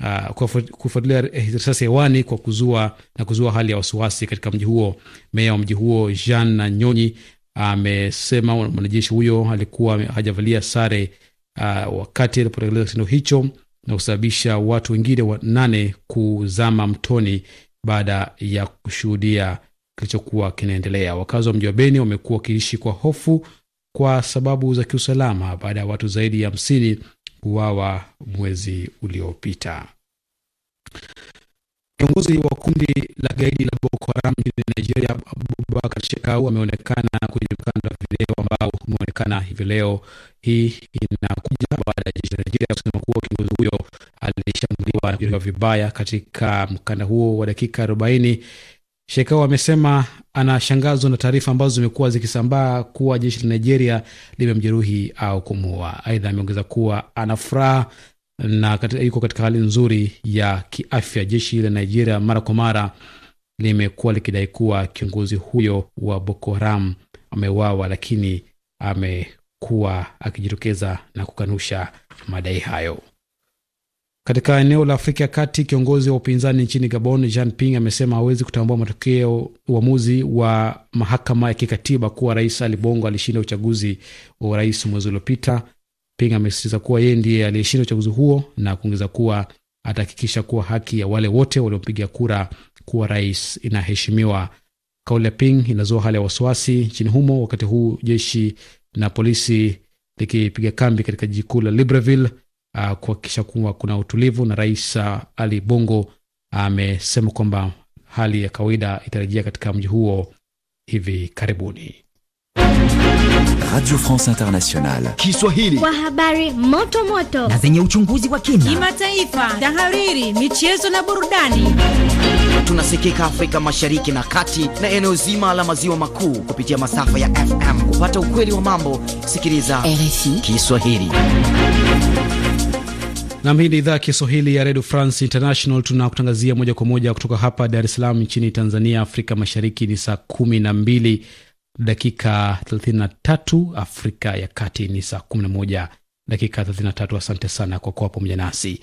uh, kufuatilia risasi hewani kwa kuzua na kuzua hali ya wasiwasi katika mji huo. Meya wa mji huo Jean Nyonyi amesema uh, mwanajeshi huyo alikuwa hajavalia sare uh, wakati alipotekeleza kitendo hicho na kusababisha watu wengine wanane kuzama mtoni baada ya kushuhudia kilichokuwa kinaendelea. Wakazi wa mji wa Beni wamekuwa wakiishi kwa hofu kwa sababu za kiusalama baada ya watu zaidi ya hamsini kuuawa mwezi uliopita. Kiongozi wa kundi la gaidi la Boko Haram nchini Nigeria, Abubakar Shekau ameonekana kwenye mkanda wa video ambao umeonekana hivi leo. Hii inakuja baada ya jeshi la Nigeria kusema kuwa kiongozi huyo alishambuliwa na kujeruhiwa vibaya katika mkanda huo wa dakika 40. Shekau amesema anashangazwa na taarifa ambazo zimekuwa zikisambaa kuwa jeshi la Nigeria limemjeruhi au kumuua. Aidha, ameongeza kuwa anafuraha na katika, yuko katika hali nzuri ya kiafya. Jeshi la Nigeria mara kwa mara limekuwa likidai kuwa kiongozi huyo wa Boko Haram ameuawa, lakini amekuwa akijitokeza na kukanusha madai hayo. Katika eneo la Afrika ya Kati, kiongozi wa upinzani nchini Gabon, Jean Ping, amesema hawezi kutambua matokeo uamuzi wa mahakama ya kikatiba kuwa Rais Ali Bongo alishinda uchaguzi wa urais mwezi uliopita Ping amesisitiza kuwa yeye ndiye aliyeshinda uchaguzi huo na kuongeza kuwa atahakikisha kuwa haki ya wale wote waliopiga kura kuwa rais inaheshimiwa. Kauli ya Ping inazua hali ya wasiwasi nchini humo, wakati huu jeshi na polisi likipiga kambi katika jiji kuu la Libreville uh, kuhakikisha kuwa kuna utulivu, na rais ah, Ali Bongo amesema uh, kwamba hali ya kawaida itarejea katika mji huo hivi karibuni. Radio France Internationale. Kiswahili. Kwa habari moto moto na zenye uchunguzi wa kina, kimataifa, tahariri, michezo na burudani. Tunasikika Afrika Mashariki na Kati na eneo zima la maziwa makuu kupitia masafa ya FM. Kupata ukweli wa mambo, sikiliza RFI Kiswahili. Nam, hii ni idhaa ya Kiswahili ya redio France International. Tunakutangazia moja kwa moja kutoka hapa Dar es Salaam nchini Tanzania. Afrika Mashariki ni saa kumi na mbili dakika 33 Afrika ya Kati ni saa 11 dakika 33. Asante sana kwa kuwa pamoja nasi.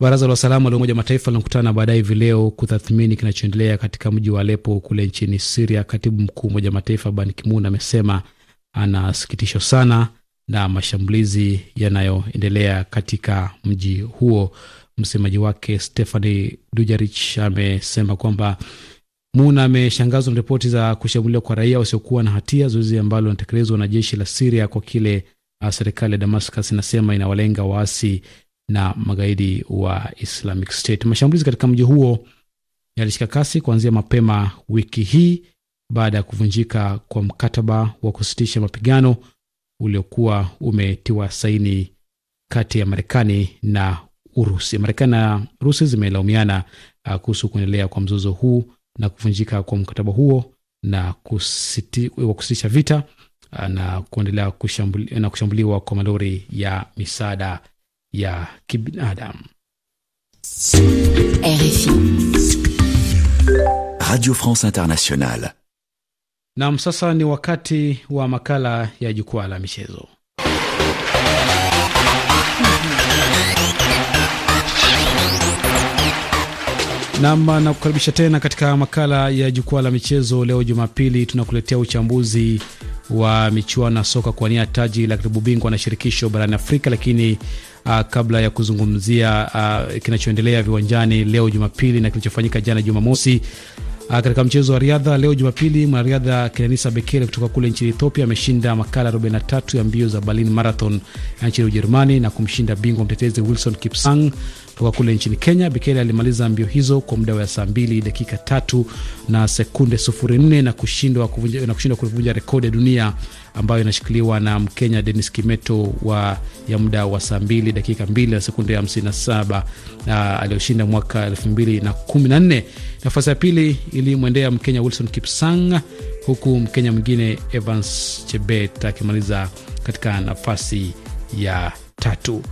Baraza la usalama la Umoja Mataifa linakutana baadaye hivi leo kutathmini kinachoendelea katika mji wa Alepo kule nchini Siria. Katibu mkuu Umoja Mataifa Ban Ki-moon amesema anasikitishwa sana na mashambulizi yanayoendelea katika mji huo. Msemaji wake Stephane Dujarich amesema kwamba Muna ameshangazwa na ripoti za kushambuliwa kwa raia wasiokuwa na hatia, zoezi ambalo linatekelezwa na jeshi la Siria kwa kile ah, serikali ya Damascus inasema inawalenga waasi na magaidi wa Islamic State. Mashambulizi katika mji huo yalishika kasi kuanzia mapema wiki hii baada ya kuvunjika kwa mkataba wa kusitisha mapigano uliokuwa umetiwa saini kati ya Marekani na Urusi. Marekani na Urusi zimelaumiana ah, kuhusu kuendelea kwa mzozo huu na kuvunjika kwa mkataba huo na kusiti, wa kusitisha vita ah, na kuendelea kushambuli, na kushambuliwa kwa malori ya misaada ya kibinadamu. Radio France Internationale. Nam, sasa ni wakati wa makala ya jukwaa la michezo. Nam, nakukaribisha tena katika makala ya jukwaa la michezo. Leo Jumapili tunakuletea uchambuzi wa michuano ya soka kuwania taji la klabu bingwa na shirikisho barani Afrika. Lakini uh, kabla ya kuzungumzia uh, kinachoendelea viwanjani leo Jumapili na kilichofanyika jana Jumamosi uh, katika mchezo wa riadha leo Jumapili, mwanariadha Kenenisa Bekele kutoka kule nchini Ethiopia ameshinda makala 43 ya mbio za Berlin Marathon ya nchini Ujerumani na kumshinda bingwa mtetezi Wilson Kipsang kutoka kule nchini Kenya. Bekele alimaliza mbio hizo kwa muda wa saa 2 dakika tatu na sekunde 04 na kushindwa kuvunja rekodi ya dunia ambayo inashikiliwa na Mkenya Denis Kimeto wa ya muda wa saa 2 dakika 2 na sekunde 57 aliyoshinda mwaka 2014. Nafasi ya pili ilimwendea Mkenya Wilson Kipsang, huku Mkenya mwingine Evans Chebet akimaliza katika nafasi ya tatu.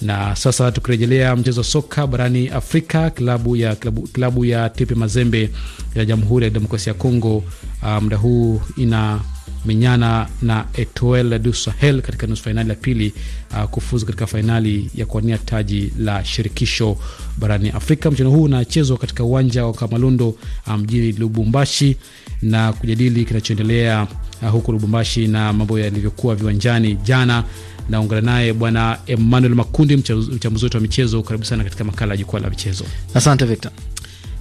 Na sasa tukirejelea mchezo wa soka barani Afrika, klabu ya, klabu, klabu ya TP Mazembe ya Jamhuri ya Demokrasia ya Kongo ah, muda um, huu ina menyana na Etoile du Sahel katika nusu fainali ya pili uh, kufuzu katika fainali ya kuwania taji la shirikisho barani Afrika. Mchezo huu unachezwa katika uwanja wa kamalundo ah, mjini um, Lubumbashi, na kujadili kinachoendelea uh, huko Lubumbashi na mambo yalivyokuwa viwanjani jana naungana naye Bwana Emmanuel Makundi, mchambuzi wetu wa michezo. Karibu sana katika makala ya jukwaa la michezo. Asante Victor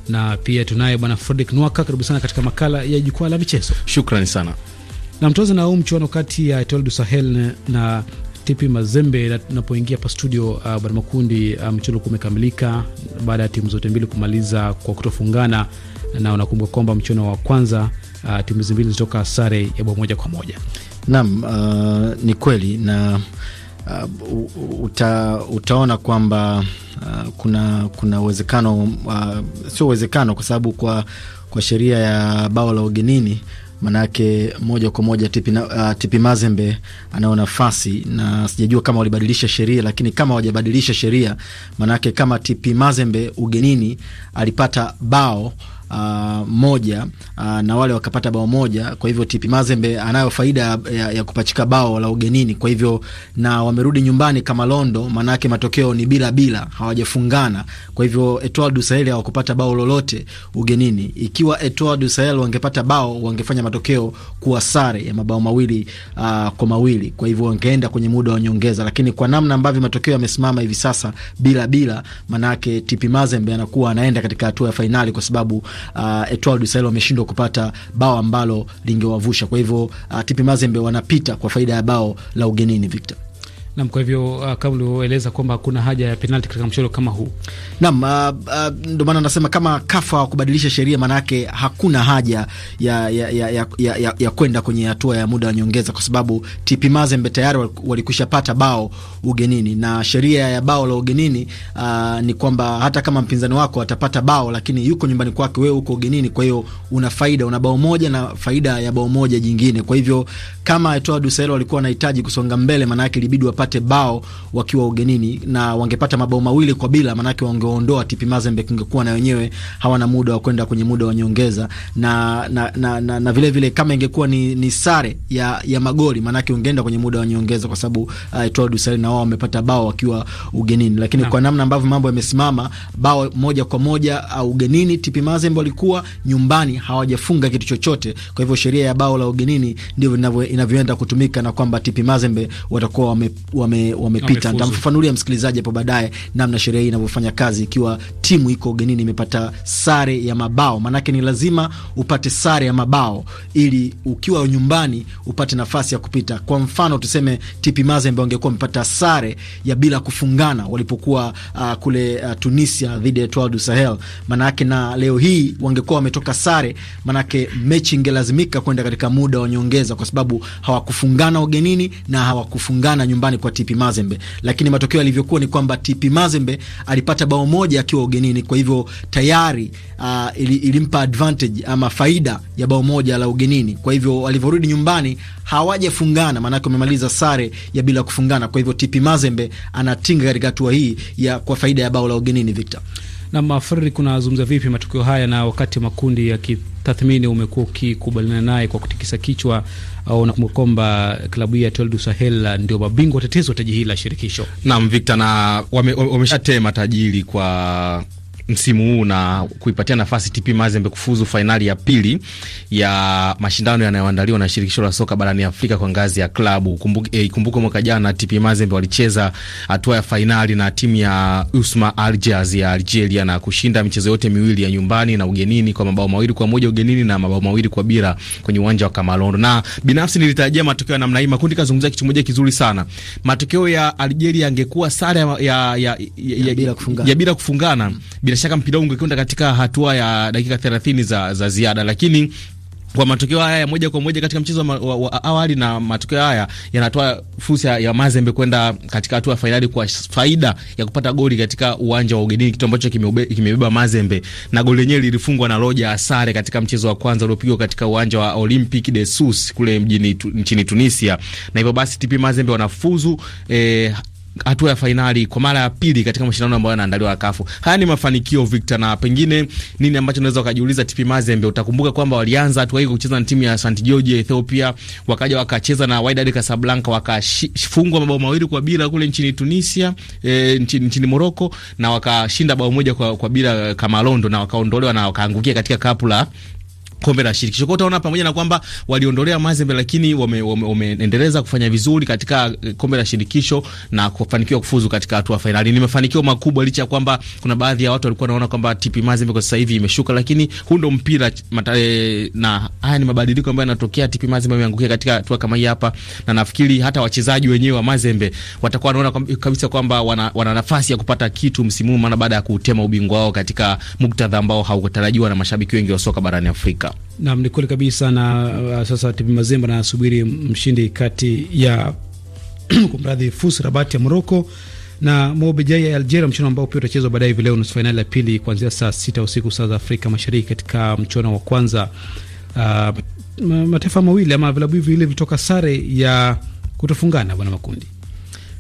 na pia tunaye bwana Fredrick Nwaka, karibu sana katika makala ya jukwaa la michezo. Shukrani sana. Na mtuanza na huu mchuano kati ya Etoile du Sahel na TP Mazembe. Napoingia hapa studio, uh, bwana Makundi, uh, mchuano umekamilika baada ya timu zote mbili kumaliza kwa kutofungana, na unakumbuka kwamba mchuano wa kwanza uh, timu hizi mbili zilitoka sare ya bao moja kwa moja. Naam, uh, ni kweli na uh, uta, utaona kwamba uh, kuna kuna uwezekano uh, sio uwezekano kwa sababu kwa, kwa sheria ya bao la ugenini manake moja kwa moja Tipi, uh, Tipi Mazembe anayo nafasi, na sijajua kama walibadilisha sheria, lakini kama wajabadilisha sheria, manake kama Tipi Mazembe ugenini alipata bao uh, moja uh, na wale wakapata bao moja. Kwa hivyo TP Mazembe anayo faida ya, ya kupachika bao la ugenini, kwa hivyo na wamerudi nyumbani kama londo, maanake matokeo ni bila bila, hawajafungana. Kwa hivyo Etoile du Sahel hawakupata bao lolote ugenini. Ikiwa Etoile du Sahel wangepata bao, wangefanya matokeo kuwa sare ya mabao mawili uh, kwa mawili, kwa hivyo wangeenda kwenye muda wa nyongeza, lakini kwa namna ambavyo matokeo yamesimama hivi sasa bila bila, maanake TP Mazembe anakuwa anaenda katika hatua ya fainali kwa sababu uh, Etoile Sahel wameshindwa kupata bao ambalo lingewavusha. Kwa hivyo uh, TP Mazembe wanapita kwa faida ya bao la ugenini Victor. Nam, kwa hivyo uh, kama ulivyoeleza kwamba kuna haja ya penalti katika mchezo kama huu. Nam, uh, uh, ndio maana nasema kama kafa wa kubadilisha sheria, maanake hakuna haja ya, ya, ya, ya, ya, ya ya kwenda kwenye hatua ya muda wa nyongeza, kwa sababu TP Mazembe tayari walikwisha pata bao ugenini, na sheria ya bao la ugenini uh, ni kwamba hata kama mpinzani wako atapata bao lakini yuko nyumbani kwake, wewe uko ugenini, kwa hiyo una faida, una bao moja na faida ya bao moja jingine. Kwa hivyo kama Etoile du Sahel walikuwa wanahitaji kusonga mbele, maanake ilibidi wapate bao wakiwa ugenini na wangepata mabao mawili kwa bila, maanake wangeondoa TP Mazembe, kingekuwa na wenyewe hawana muda wa kwenda kwenye muda wa nyongeza na, na, na, na, na vile vile kama ingekuwa ni, ni sare ya, ya magoli, maanake ungeenda kwenye muda wa nyongeza kwa sababu uh, Etoile du Sahel na wao wamepata bao wakiwa ugenini, lakini na, kwa namna ambavyo mambo yamesimama, bao moja kwa moja uh, ugenini TP Mazembe walikuwa nyumbani hawajafunga kitu chochote, kwa hivyo sheria ya bao la ugenini ndivyo inavyoenda kutumika na kwamba TP Mazembe watakuwa wame wame, wamepita. msikilizaji hapo baadaye namna sheria hii inavyofanya kazi, ikiwa timu iko ugenini imepata sare ya mabao, maanake ni lazima upate sare ya mabao ili ukiwa nyumbani upate nafasi ya kupita. Kwa mfano tuseme TP Mazembe wangekuwa wamepata sare ya bila kufungana walipokuwa uh, kule uh, Tunisia dhidi ya Etoile du Sahel, maanake na leo hii wangekuwa wametoka sare, maanake mechi ingelazimika kwenda katika muda wa nyongeza, kwa sababu hawakufungana ugenini na hawakufungana nyumbani kwa TP Mazembe, lakini matokeo yalivyokuwa ni kwamba TP Mazembe alipata bao moja akiwa ugenini, kwa hivyo tayari uh, ili, ilimpa advantage ama faida ya bao moja la ugenini. Kwa hivyo walivyorudi nyumbani hawajafungana, maanake wamemaliza sare ya bila kufungana. Kwa hivyo TP Mazembe anatinga katika hatua hii ya kwa faida ya bao la ugenini, Victor. Na mafriri, kunazungumza vipi matukio haya, na wakati makundi yakitathmini, umekuwa ukikubaliana naye kwa kutikisa kichwa? Unakumbuka kwamba klabu hii ya Etoile du Sahel ndio mabingwa watetezi wa taji hili la shirikisho. Naam, Victor, na wameshatema wame tajiri kwa msimu huu na kuipatia nafasi TP Mazembe kufuzu fainali ya pili ya mashindano yanayoandaliwa na shirikisho la soka barani Afrika kwa ngazi ya klabu. Ikumbuke eh, mwaka jana TP Mazembe walicheza hatua ya fainali na timu ya Usma Algiers ya Algeria na kushinda michezo yote miwili ya nyumbani na ugenini kwa mabao mawili kwa moja ugenini na mabao mawili kwa bila kwenye uwanja wa Kamalondo. Na binafsi nilitarajia matokeo ya namna hii. Makundi kazungumzia kitu moja kizuri sana. Matokeo ya Algeria yangekuwa sare ya ya, ya, ya, ya, ya, ya bila kufungana. Ya bila kufungana bila shaka mpira ungekwenda katika hatua ya dakika 30 za, za ziada lakini kwa matokeo haya ya moja kwa moja katika mchezo wa, wa, wa awali na matokeo haya yanatoa fursa ya Mazembe kwenda katika hatua ya fainali kwa faida ya kupata goli katika uwanja wa ugenini, kitu ambacho kimebeba Mazembe, na goli lenyewe lilifungwa na Roja Asare katika mchezo wa kwanza uliopigwa katika uwanja wa Olympique de Sousse kule mjini tu, nchini Tunisia, na hivyo basi TP Mazembe wanafuzu eh, hatua ya fainali kwa mara ya pili katika mashindano ambayo yanaandaliwa ya kafu. Haya ni mafanikio Victor, na pengine nini ambacho unaweza ukajiuliza TP Mazembe? Utakumbuka kwamba walianza hatua hii kucheza na timu ya St George ya Ethiopia, wakaja wakacheza na Wydad Casablanca, wakafungwa mabao mawili kwa bila kule nchini Tunisia, e, nchini, nchini Morocco, na wakashinda bao moja kwa, kwa bila Kamalondo, na wakaondolewa na wakaangukia katika kapu la kombe la shirikisho. Kwa utaona pamoja na kwamba waliondolea Mazembe, lakini wameendeleza wame wame kufanya vizuri katika eh, kombe la shirikisho na kufanikiwa kufuzu katika hatua fainali. Ni mafanikio makubwa, licha ya kwamba kuna baadhi ya watu walikuwa wanaona kwamba TP Mazembe kwa sasa hivi imeshuka, lakini huu ndo mpira matale, eh, na haya ni mabadiliko ambayo yanatokea. TP Mazembe ameangukia katika hatua kama hii hapa, na nafikiri hata wachezaji wenyewe wa Mazembe watakuwa wanaona eh, kabisa kwamba wana, wana nafasi ya kupata kitu msimu, maana baada ya kutema ubingwa wao katika muktadha ambao haukutarajiwa na mashabiki wengi wa soka barani Afrika. Naam, ni kweli kabisa na uh, sasa TP Mazembe anasubiri mshindi kati ya [CLEARS THROAT] kumradhi, FUS Rabat ya Morocco na Mobijai ya Algeria, mchuano ambao pia utachezwa baadaye hivi leo, nusu fainali ya pili kuanzia saa sita usiku saa za Afrika Mashariki. Katika mchuano wa kwanza uh, mataifa mawili ama vilabu hivi vile vitoka sare ya kutofungana bwana makundi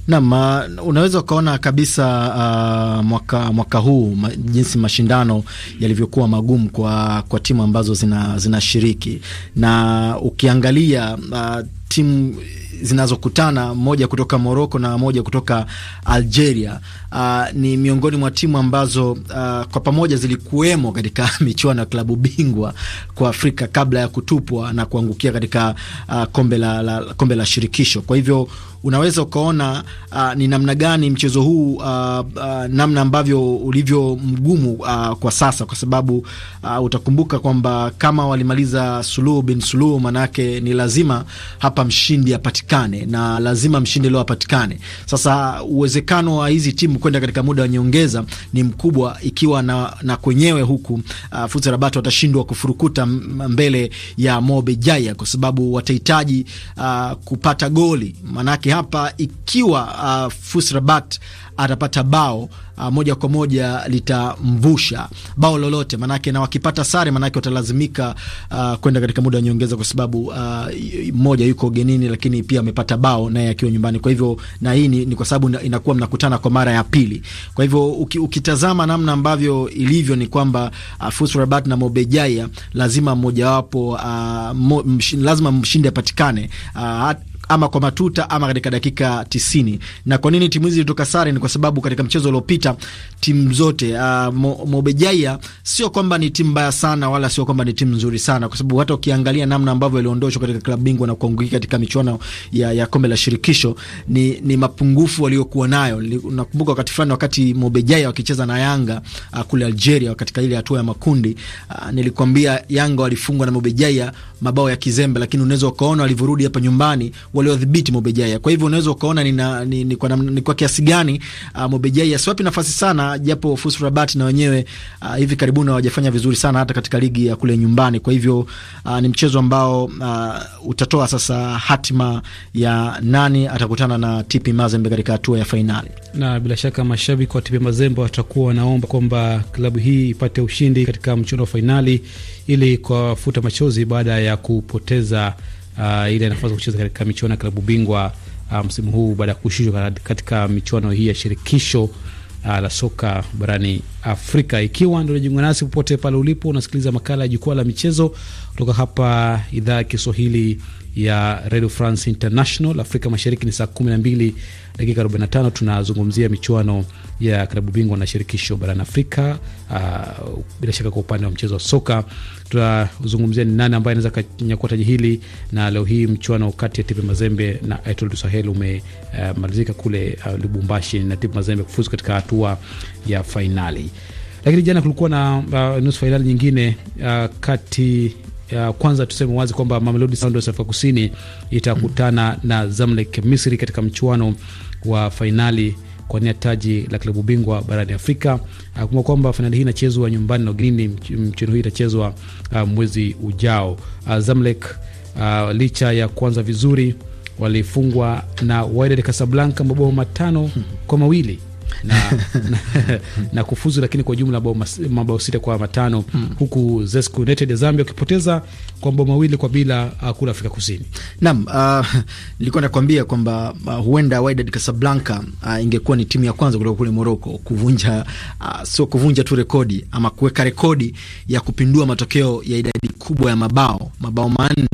nam ah, unaweza ukaona kabisa uh, mwaka, mwaka huu ma, jinsi mashindano yalivyokuwa magumu kwa, kwa timu ambazo zinashiriki zina na ukiangalia uh, timu zinazokutana moja kutoka moroko na moja kutoka Algeria uh, ni miongoni mwa timu ambazo uh, kwa pamoja zilikuwemo katika [LAUGHS] michuano ya klabu bingwa kwa Afrika kabla ya kutupwa na kuangukia katika uh, kombe la, la, kombe la shirikisho. Kwa hivyo unaweza ukaona uh, ni namna gani mchezo huu uh, uh, namna ambavyo ulivyo mgumu uh, kwa sasa, kwa sababu uh, utakumbuka kwamba kama walimaliza suluhu bin suluhu, manake ni lazima hapa mshindi apatikane na lazima mshindi leo apatikane. Sasa uwezekano wa hizi timu kwenda katika muda wa nyongeza ni mkubwa, ikiwa na, na kwenyewe huku uh, FUS Rabat watashindwa kufurukuta mbele ya Mobe Jaya kwa sababu watahitaji uh, kupata goli manake hapa, ikiwa uh, FUS Rabat atapata bao a, uh, moja kwa moja litamvusha bao lolote, manake na wakipata sare, manake watalazimika uh, kwenda katika muda wa nyongeza, kwa sababu uh, mmoja yuko ugenini, lakini pia amepata bao naye akiwa nyumbani. Kwa hivyo na hii ni, ni kwa sababu inakuwa mnakutana kwa mara ya pili. Kwa hivyo uki, ukitazama namna ambavyo ilivyo ni kwamba Fus Rabat na Mobejaya lazima mmojawapo mo, mshin, lazima mshindi apatikane ama kwa matuta ama katika dakika tisini. Na kwa nini timu hizi zilitoka sare? Ni kwa sababu katika mchezo uliopita timu zote uh, Mo, Mobejaia sio kwamba ni timu mbaya sana wala sio kwamba ni timu nzuri sana, kwa sababu hata ukiangalia namna ambavyo aliondoshwa katika klabu bingwa na kuangukia katika michuano ya, ya kombe la shirikisho ni, ni mapungufu waliokuwa nayo. Nakumbuka wakati fulani, wakati Mobejaia wakicheza na Yanga uh, kule Algeria katika ile hatua ya makundi uh, nilikwambia Yanga walifungwa na Mobejaia mabao ya kizembe, lakini unaweza ukaona walivyorudi hapa nyumbani waliodhibiti Mobejaya. Kwa hivyo unaweza ukaona ni, ni, ni, kwa, ni kwa kiasi gani uh, Mobejaya siwapi nafasi sana, japo FUS Rabat na wenyewe uh, hivi karibuni hawajafanya vizuri sana hata katika ligi ya kule nyumbani. Kwa hivyo uh, ni mchezo ambao uh, utatoa sasa hatima ya nani atakutana na TP Mazembe katika hatua ya fainali, na bila shaka mashabiki wa TP Mazembe watakuwa wanaomba kwamba klabu hii ipate ushindi katika mchezo wa fainali ili kuwafuta machozi baada ya kupoteza uh, ile nafasi ya kucheza katika michuano ya klabu bingwa uh, msimu um, huu baada ya kushushwa katika michuano hii ya shirikisho uh, la soka barani Afrika. Ikiwa ndio unajiunga nasi, popote pale ulipo unasikiliza makala ya jukwaa la michezo kutoka hapa idhaa ya Kiswahili ya Radio France International. Afrika Mashariki ni saa 12 dakika 45. Tunazungumzia michuano ya klabu bingwa na shirikisho barani Afrika. Uh, bila shaka kwa upande wa mchezo wa soka tutazungumzia ni nani ambaye anaweza kanyakua taji hili, na leo hii mchuano kati ya TP Mazembe na Etoile du Sahel umemalizika uh, kule uh, Lubumbashi na TP Mazembe kufuzu katika hatua ya fainali lakini jana kulikuwa na uh, nusu fainali nyingine uh, kati ya kwanza tuseme wazi kwamba Mamelodi Sundowns Afrika Kusini itakutana mm. na Zamalek Misri katika mchuano wa fainali kuwania taji la klabu bingwa barani Afrika. Kumbuka kwamba fainali hii inachezwa nyumbani na ugenini. Mchuano hii itachezwa uh, mwezi ujao. zamlek uh, Zamalek uh, licha ya kuanza vizuri walifungwa na Wydad Casablanca mabao matano kwa mawili na, na, [LAUGHS] na kufuzu, lakini kwa jumla mabao sita kwa matano mm. huku Zesco United ya Zambia wakipoteza kwa mabao mawili kwa bila uh, kule Afrika Kusini. Naam, uh, [LAUGHS] nilikuwa uh, nakwambia kwamba uh, huenda Wydad Casablanca uh, ingekuwa ni timu ya kwanza kutoka kule Morocco kuvunja uh, sio kuvunja tu rekodi ama kuweka rekodi ya kupindua matokeo ya idadi kubwa ya mabao mabao manne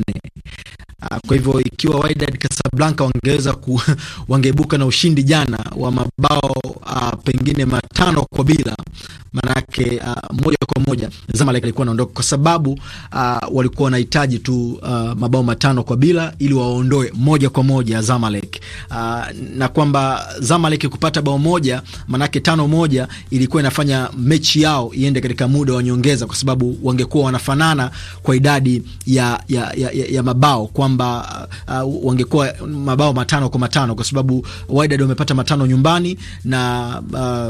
Ah, kwa hivyo ikiwa Wydad Casablanca wangeweza ku, [LAUGHS] wangeebuka na ushindi jana wa mabao uh, pengine matano kwa bila, manake uh, ah, moja kwa moja Zamalek alikuwa anaondoka kwa sababu uh, walikuwa wanahitaji tu uh, mabao matano kwa bila ili waondoe moja kwa moja Zamalek uh, na kwamba Zamalek kupata bao moja, manake tano moja ilikuwa inafanya mechi yao iende katika muda wa nyongeza, kwa sababu wangekuwa wanafanana kwa idadi ya, ya, ya, ya, ya mabao kwa kwamba uh, uh, wangekuwa mabao matano kwa matano kwa sababu Wydad wamepata matano nyumbani na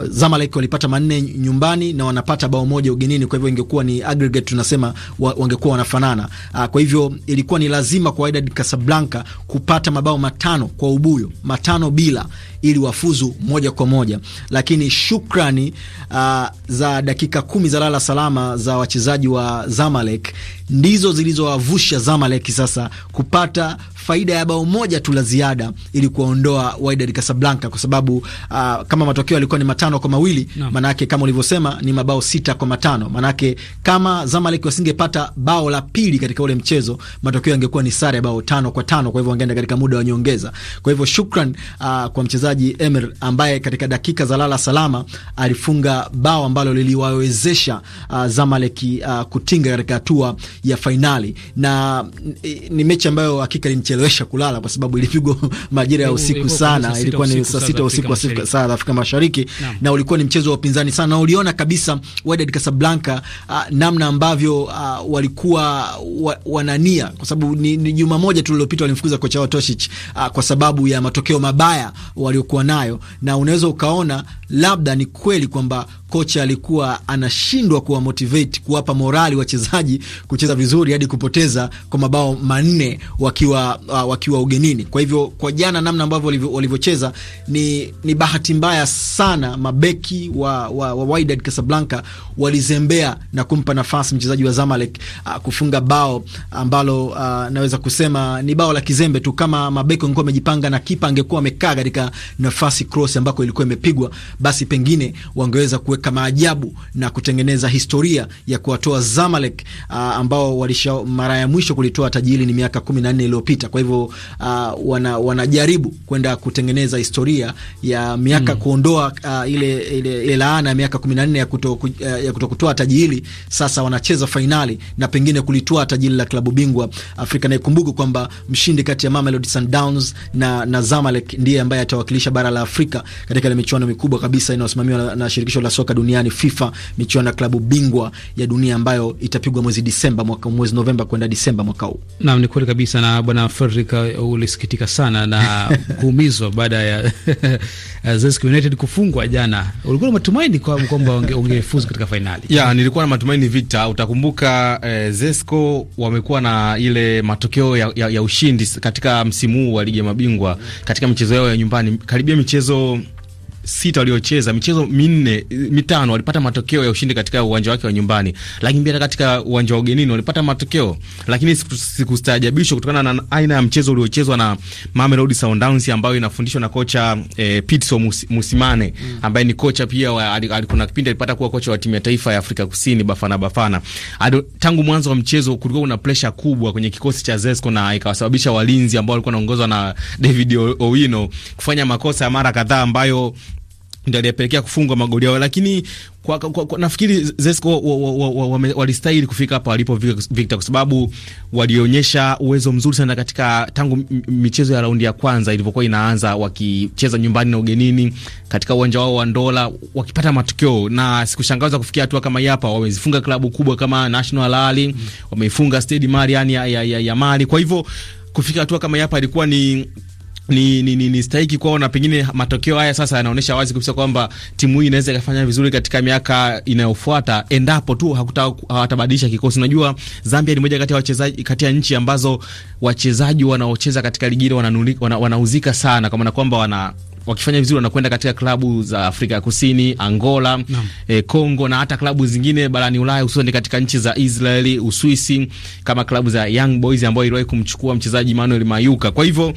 uh, Zamalek walipata manne nyumbani na wanapata bao moja ugenini. Kwa hivyo ingekuwa ni aggregate tunasema wa, wangekuwa wanafanana. Uh, kwa hivyo ilikuwa ni lazima kwa Wydad Casablanca kupata mabao matano kwa ubuyo, matano bila, ili wafuzu moja kwa moja, lakini shukrani uh, za dakika kumi za lala salama za wachezaji wa Zamalek ndizo zilizowavusha Zamalek sasa kupata faida ya bao moja tu la ziada ili kuwaondoa Wydad Casablanca, kwa sababu uh, kama matokeo yalikuwa ni matano kwa mawili no. Manake kama ulivyosema ni mabao sita kwa matano. Manake kama Zamalek wasingepata bao la pili katika ule mchezo, matokeo yangekuwa ni sare ya bao tano kwa tano, kwa hivyo wangeenda katika muda wa nyongeza. Kwa hivyo shukran uh, kwa mchezaji Emer ambaye katika dakika za lala salama alifunga bao ambalo liliwawezesha uh, Zamalek uh, kutinga katika hatua ya fainali, na eh, ni mechi ambayo hakika walilowesha kulala kwa sababu ilipigwa [LAUGHS] majira ya usiku sana, ilikuwa ni saa sita usiku saa za Afrika Mashariki, na ulikuwa ni mchezo wa upinzani sana, na uliona kabisa Wydad Casablanca ah, namna ambavyo ah, walikuwa wanania, kwa sababu ni juma moja tu lililopita walimfukuza kocha wao Tosic ah, kwa sababu ya matokeo mabaya waliokuwa nayo, na unaweza ukaona labda ni kweli kwamba kocha alikuwa anashindwa kuwa motivate kuwapa morali wachezaji kucheza vizuri hadi kupoteza kwa mabao manne wakiwa, uh, wakiwa ugenini. Kwa hivyo kwa jana, namna ambavyo walivyocheza ni, ni bahati mbaya sana, mabeki wa, wa, wa Wydad Casablanca walizembea na kumpa nafasi mchezaji wa Zamalek uh, kufunga bao ambalo uh, naweza kusema ni bao la kizembe tu. Kama mabeki wangekuwa wamejipanga na kipa angekuwa amekaa katika nafasi cross ambako ilikuwa imepigwa basi pengine wangeweza kuweka maajabu na kutengeneza historia ya kuwatoa Zamalek uh, ambao walisha mara ya mwisho kulitoa taji hili ni miaka kumi na nne iliyopita. Kwa hivyo uh, wana, wanajaribu kwenda kutengeneza historia ya miaka mm. kuondoa uh, ile, ile, ile laana ya miaka kumi na nne ya kuto uh, kutoa taji hili. Sasa wanacheza fainali na pengine kulitoa taji hili la klabu bingwa Afrika, na ikumbuke kwamba mshindi kati ya Mamelodi Sundowns na, na Zamalek ndiye ambaye atawakilisha bara la Afrika katika ile michuano mikubwa kabisa inayosimamiwa na shirikisho la soka duniani FIFA, michuano ya klabu bingwa ya dunia ambayo itapigwa mwezi Disemba mwaka mwezi Novemba kwenda Disemba mwaka huu. Naam, ni kweli kabisa, na bwana Fredrick uh, ulisikitika sana na [LAUGHS] kuumizwa baada ya uh, Zesco United kufungwa jana. Ulikuwa na matumaini kwa kwamba ungefuzu katika fainali? Yeah, nilikuwa na matumaini vita. utakumbuka eh, uh, Zesco wamekuwa na ile matokeo ya, ya, ya ushindi katika msimu huu wa ligi ya mabingwa katika michezo yao ya nyumbani karibia michezo sita waliocheza michezo minne mitano walipata matokeo ya ushindi katika uwanja wake wa nyumbani, lakini pia katika uwanja wa ugenini walipata matokeo, lakini sikustaajabishwa kutokana na aina ya mchezo uliochezwa na Mamelodi Sundowns ambayo inafundishwa na kocha eh, Pitso Musimane mm. ambaye ni kocha pia wa, alikuna kipindi alipata kuwa kocha wa timu ya taifa ya Afrika Kusini Bafana Bafana. Ado, tangu mwanzo wa mchezo kulikuwa kuna pressure kubwa kwenye kikosi cha Zesco na ikawasababisha walinzi ambao walikuwa wanaongozwa na David Owino kufanya makosa ya mara kadhaa ambayo ndio aliyepelekea kufungwa magoli yao, lakini kwa, kwa, kwa, nafikiri Zesco walistahili kufika hapa walipo Victor, kwa sababu walionyesha uwezo mzuri sana katika tangu michezo ya raundi ya kwanza ilivyokuwa inaanza, wakicheza nyumbani na ugenini katika uwanja wao wa Ndola wakipata matokeo, na sikushangaza kufikia hatua kama hapa. Wamezifunga klabu kubwa kama National Lali, wameifunga Stade Malien ya, ya, ya, ya Mali. Kwa hivyo kufika hatua kama hapa ilikuwa ni ni, ni, ni, ni stahiki kwao, na pengine matokeo haya sasa yanaonyesha wazi kabisa kwamba timu hii inaweza ikafanya vizuri katika miaka inayofuata endapo tu hawatabadilisha kikosi. Unajua, Zambia ni moja kati ya wachezaji, kati ya nchi ambazo wachezaji wanaocheza katika ligi ile wanauzika sana, kwa maana kwamba wana wakifanya vizuri wanakwenda katika klabu za Afrika ya Kusini, Angola, eh, Kongo na hata klabu zingine barani Ulaya, hususan katika nchi za Israeli, Uswisi, kama klabu za Young Boys ambayo iliwahi kumchukua mchezaji Manuel Mayuka. Kwa hivyo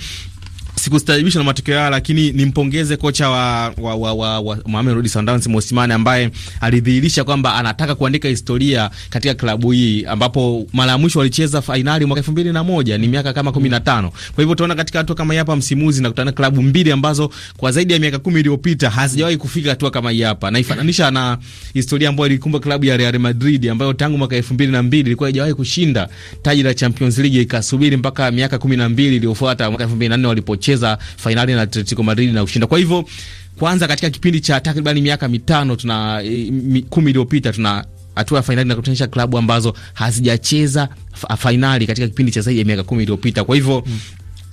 sikustaajabishwa na matokeo yao, lakini nimpongeze kocha wa, wa, wa, wa, wa Mohamed Rudi Sundowns Mosimane ambaye alidhihirisha kwamba anataka kuandika historia katika klabu hii ambapo mara ya mwisho walicheza fainali mwaka na moja ni miaka kama 15. Kwa hivyo tunaona katika hatua kama hapa msimuzi na kutana klabu mbili ambazo kwa zaidi ya miaka kumi iliyopita hazijawahi kufika hatua kama hii hapa. Naifananisha na historia ambayo ilikumba klabu ya Real Madrid ambayo tangu mwaka 2002 ilikuwa haijawahi kushinda taji la Champions League ikasubiri mpaka miaka 12 iliyofuata mwaka 2004 walipocheza kucheza fainali na Atletico Madrid na kushinda. Kwa hivyo kwanza katika kipindi cha takribani miaka mitano tuna eh, mi, kumi iliyopita tuna hatua ya fainali na kutanisha klabu ambazo hazijacheza fainali katika kipindi cha zaidi ya miaka kumi iliyopita. Kwa hivyo mm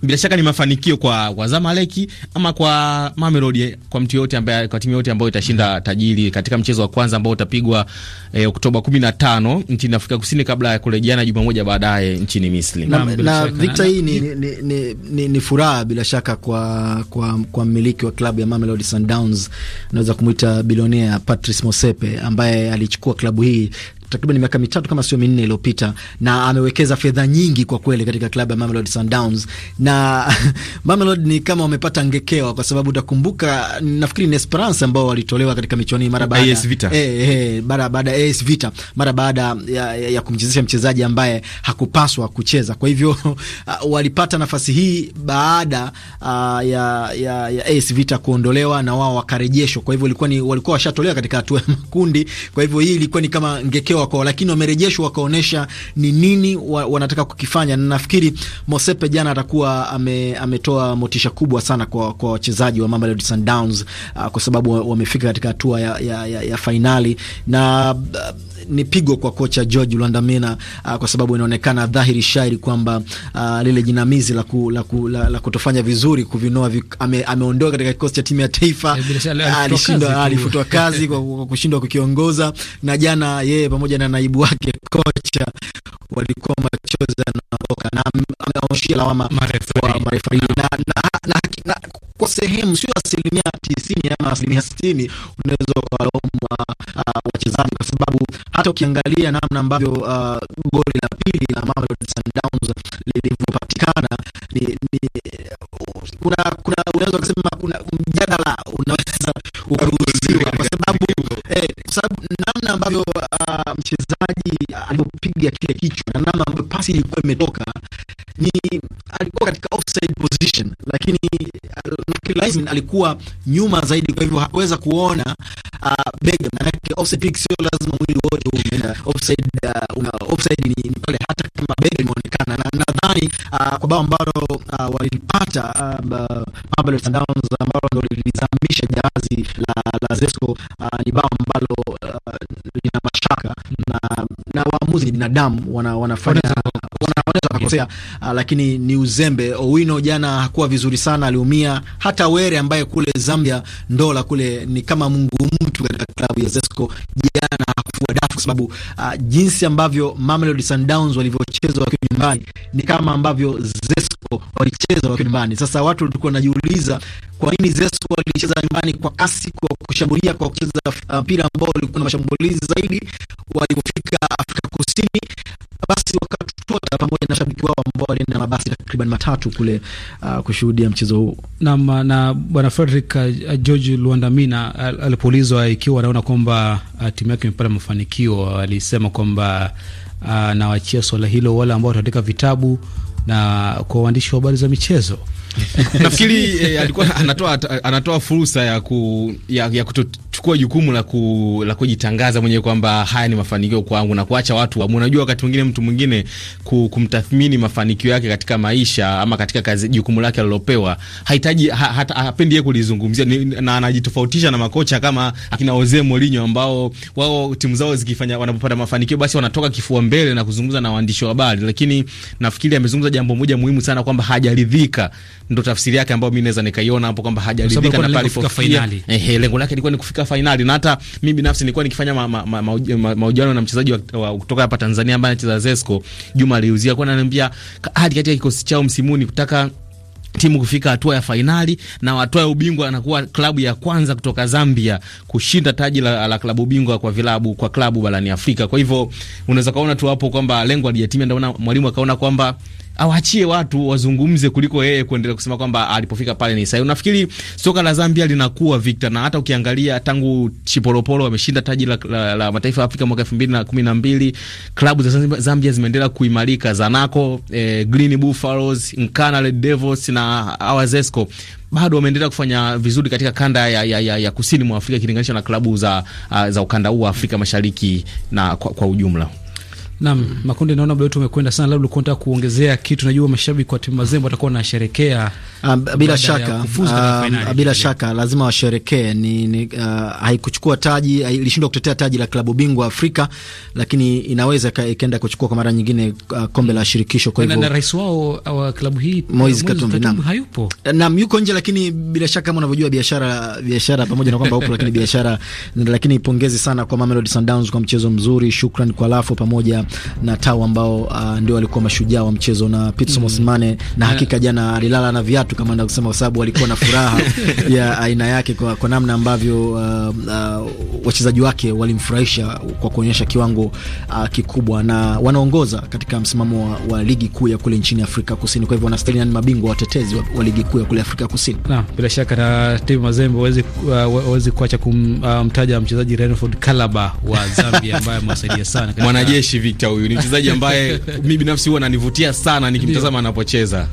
bila shaka ni mafanikio kwa, kwa Zamaleki ama kwa Mamelodi, eh, kwa mtu yote ambaye, kwa timu yote ambayo itashinda tajiri katika mchezo wa kwanza ambao utapigwa eh, Oktoba 15 nchini Afrika Kusini kabla ya kurejeana juma moja baadaye nchini Misri. Na, na, na Victor, hii ni, ni, ni, ni, ni furaha bila shaka kwa, kwa, kwa mmiliki wa klabu ya Mamelodi Sundowns, naweza kumuita bilionea Patrice Mosepe ambaye alichukua klabu hii takriban miaka mitatu kama sio minne iliyopita, na amewekeza fedha nyingi kwa kweli katika klabu ya Mamelodi Sundowns na [LAUGHS] Mamelodi ni kama wamepata ngekewa, kwa sababu utakumbuka, nafikiri ni Esperance ambao walitolewa katika michuano mara baada ya AS Vita, eh, eh, mara baada ya AS Vita, mara baada ya, ya ya kumchezesha mchezaji ambaye hakupaswa kucheza. Kwa hivyo [LAUGHS] uh, walipata nafasi hii baada uh, ya, ya, ya AS Vita kuondolewa na wao wakarejeshwa. Kwa hivyo ilikuwa ni walikuwa washatolewa katika hatua ya makundi, kwa hivyo hii ilikuwa ni kama ngekewa kutolewa kwao, lakini wamerejeshwa wakaonyesha ni nini wa, wanataka kukifanya, na nafikiri Mosepe jana atakuwa ame, ametoa motisha kubwa sana kwa kwa wachezaji wa Mamelodi Sundowns uh, kwa sababu wamefika katika hatua ya, ya, ya, ya fainali na uh, ni pigo kwa kocha George Lwandamina uh, kwa sababu inaonekana dhahiri shairi kwamba uh, lile jinamizi la, ku, la, ku, la, la kutofanya vizuri kuvinoa vi, ame, ameondoka katika kikosi cha timu ya taifa, eh, uh, alifutwa kazi, kwa kushindwa kukiongoza na jana yeye pamoja pamoja na naibu wake kocha walikuwa machoza yanaondoka, na amewaoneshia lawama marefari na, na, na, na kwa sehemu sio asilimia tisini ama asilimia sitini unaweza ukawalaumu uh, uh, wachezaji kwa sababu hata ukiangalia namna ambavyo uh, goli la pili la Mamelodi Sundowns lilivyopatikana ni, ni kuna kuna unaweza kusema kuna mjadala unaweza ukaruhusiwa kwa sababu kwa sababu namna ambavyo uh, mchezaji alivyopiga kile kichwa na namna ambavyo pasi ilikuwa imetoka ni alikuwa katika offside position, lakini uh, Linesman alikuwa nyuma zaidi, kwa hivyo hakuweza kuona uh, bega. Manake offside kick sio lazima mwili wote umeenda offside. Uh, una offside ni, ni pale hata kama bega limeonekana, na nadhani uh, kwa bao ambalo uh, walipata uh, Sundowns ambalo ndio lilizamisha jahazi la, la Zesco uh, ni bao ambalo uh, lina mashaka na, na waamuzi ni binadamu wana, wanafanya nakosea uh, ah, lakini ni uzembe. Owino jana hakuwa vizuri sana, aliumia. Hata Were ambaye kule Zambia Ndola kule ni kama mungu mtu katika klabu ya Zesco jana Gaddafi kwa sababu uh, jinsi ambavyo Mamelodi Sundowns walivyocheza wakiwa nyumbani ni kama ambavyo Zesco walicheza wakiwa nyumbani. Sasa watu walikuwa wanajiuliza kwa nini Zesco walicheza nyumbani kwa kasi, kwa kushambulia, kwa kucheza ah, mpira uh, ambao ulikuwa na mashambulizi zaidi. Walipofika Afrika Kusini, basi wakatutota pamoja na shabiki wao ambao walienda mabasi takriban matatu kule uh, kushuhudia mchezo huu. Na, na bwana Frederick uh, George Luandamina alipoulizwa ikiwa anaona kwamba uh, timu yake imepata mafanikio mafanikio. Alisema kwamba ah, nawachia swala hilo wale ambao wataandika vitabu na kwa waandishi wa habari za michezo. [LAUGHS] Nafikiri eh, alikuwa anatoa anatoa fursa ya, ku, ya, ya kutu kuchukua jukumu la ku, la kujitangaza mwenyewe kwamba haya ni mafanikio kwangu na kuacha watu. wa, Unajua, wakati mwingine mtu mwingine kumtathmini mafanikio yake katika maisha ama katika kazi, jukumu lake alilopewa, hahitaji ha, hapendi yeye kulizungumzia, na anajitofautisha na makocha kama akina Jose Mourinho ambao wao timu zao zikifanya wanapopata mafanikio basi wanatoka kifua mbele na kuzungumza na waandishi wa habari, lakini nafikiri amezungumza jambo moja muhimu sana kwamba hajaridhika, ndo tafsiri yake ambayo mimi naweza nikaiona hapo kwamba hajaridhika na pale ilipofika. Ehe, lengo lake lilikuwa ni kufika fainali, na hata mimi binafsi nilikuwa nikifanya mahojiano na mchezaji kutoka hapa Tanzania ambaye anacheza Zesco Juma aliuzia kwa ananiambia hadi katika kikosi chao msimuni kutaka timu kufika hatua ya fainali na watwae ubingwa anakuwa klabu ya kwanza kutoka Zambia kushinda taji la, la klabu bingwa kwa vilabu kwa klabu barani Afrika. Kwa hivyo unaweza kaona tu hapo kwamba lengo halijatimia, ndio mwalimu akaona kwamba awachie watu wazungumze kuliko yeye kuendelea kusema kwamba alipofika pale ni sahihi. Unafikiri soka la Zambia linakuwa Victor, na hata ukiangalia tangu Chipolopolo wameshinda taji la, la, la mataifa ya Afrika mwaka 2012 klabu za Zambia zimeendelea kuimarika, Zanaco eh, Green Buffaloes, Nkana Red Devils na Awazesco bado wameendelea kufanya vizuri katika kanda ya, ya, ya, ya kusini mwa Afrika ikilinganishwa na klabu za, uh, za ukanda huu wa Afrika Mashariki na kwa, kwa ujumla. Naam, Makundi, naona muda wetu umekwenda sana, labda ulikuwa unataka kuongezea kitu. Najua mashabiki wa timu Mazembe watakuwa wanasherekea ah, bila shaka, uh, bila shaka lazima washerekee. Ni, ni uh, haikuchukua taji, ilishindwa kutetea taji la klabu bingwa Afrika, lakini inaweza ikaenda kuchukua kwa mara nyingine uh, kombe la shirikisho. Kwa hivyo na rais wao wa klabu hii Moise Katumbi naam, hayupo naam, yuko nje, lakini bila shaka kama unavyojua biashara, biashara pamoja na kwamba upo, lakini [LAUGHS] biashara, lakini pongezi sana kwa Mamelodi Sundowns kwa mchezo mzuri, shukrani kwa Lafo pamoja na Tau ambao uh, ndio walikuwa mashujaa wa mchezo na Pitso Mosimane mm. Eh, na hakika yeah. jana alilala na viatu kama ndio kusema, kwa sababu walikuwa na furaha [LAUGHS] ya aina yake kwa, kwa namna ambavyo uh, uh, wachezaji wake walimfurahisha kwa kuonyesha kiwango uh, kikubwa, na wanaongoza katika msimamo wa, wa ligi kuu ya kule nchini Afrika Kusini. Kwa hivyo wanastahili, ni mabingwa watetezi wa, wa ligi kuu ya kule Afrika Kusini. Na bila shaka na Timu Mazembe wawezi uh, wawezi kuacha kumtaja uh, mchezaji Renford Kalaba wa Zambia ambaye amewasaidia sana mwanajeshi Victor huyu ni mchezaji ambaye mimi binafsi huwa ananivutia sana nikimtazama anapocheza.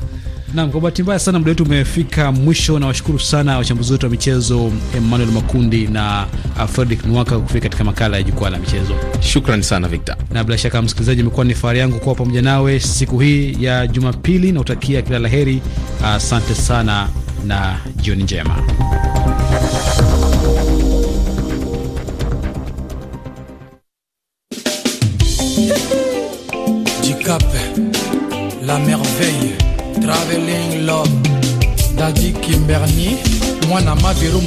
Naam, kwa bahati mbaya sana muda wetu umefika mwisho. Nawashukuru sana wachambuzi wetu wa michezo Emmanuel Makundi na uh, Fredrick Nwaka kwa kufika katika makala ya jukwaa la michezo. Shukrani sana Victor. Na bila shaka msikilizaji, imekuwa ni fahari yangu kuwa pamoja nawe siku hii ya Jumapili na utakia kila laheri. Asante sana na jioni njema. la merveille, traveling love, Daddy Kimberly, moi Nama Vero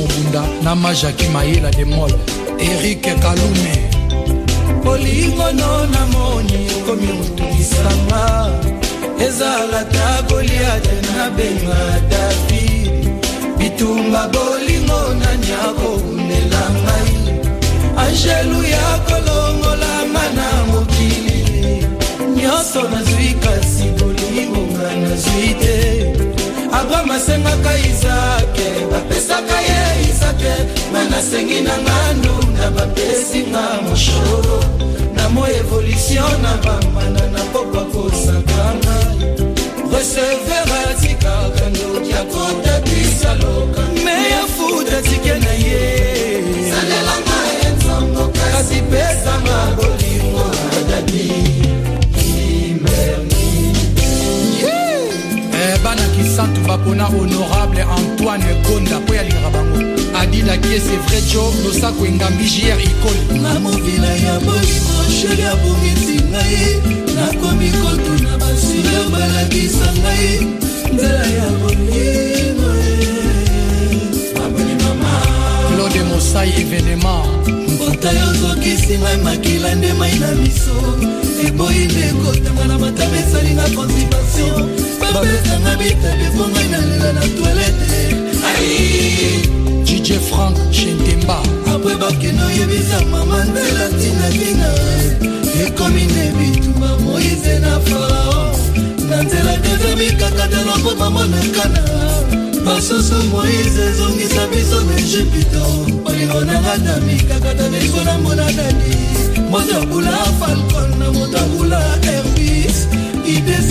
Nama Jaki Maïla de Mol, Eric Kalume. bolingono namoni komi motukisanga Ezala goliate na benga david bitumba bolingo nani akounela ngai angelu ya la mana nyonso nazwi kasi bolibonga nazwi te abraham asengaka izake bapesaka ye izake nga nasengi na ngandu na bapesinga moshoro na mo evolutio na bambana na pokwa kosaka ngai resever atikaka ndoki akotatisa loka meya futa atike na ye salelanga ye nzongo kasi pesanga bolingo santu bapona honorable antoine gonda mpo ya lingaka bango adilaki esevre jo losako engambi jr ikoli na mokila ya bolimo sheri abungisi ngai nakomi kotuna basilo balakisa ngai nzela ya bolimo claude mosai événement ata yo ozokisi ngai makila nde mai na miso eboyi nde ekotanga na matama esalinga constipation babelesanga bitabe po ngai na lela na toilete dj frank shentemba apre bakende oyebisa mama nzela tinatina ekomi nde bituma moise na farao na nzela tezamikaka te lokomamonakana basusu moïse ezongisa biso na ejipito bolingo na adami kaka tabeso na monadani moto abula falcon na moto abula herbis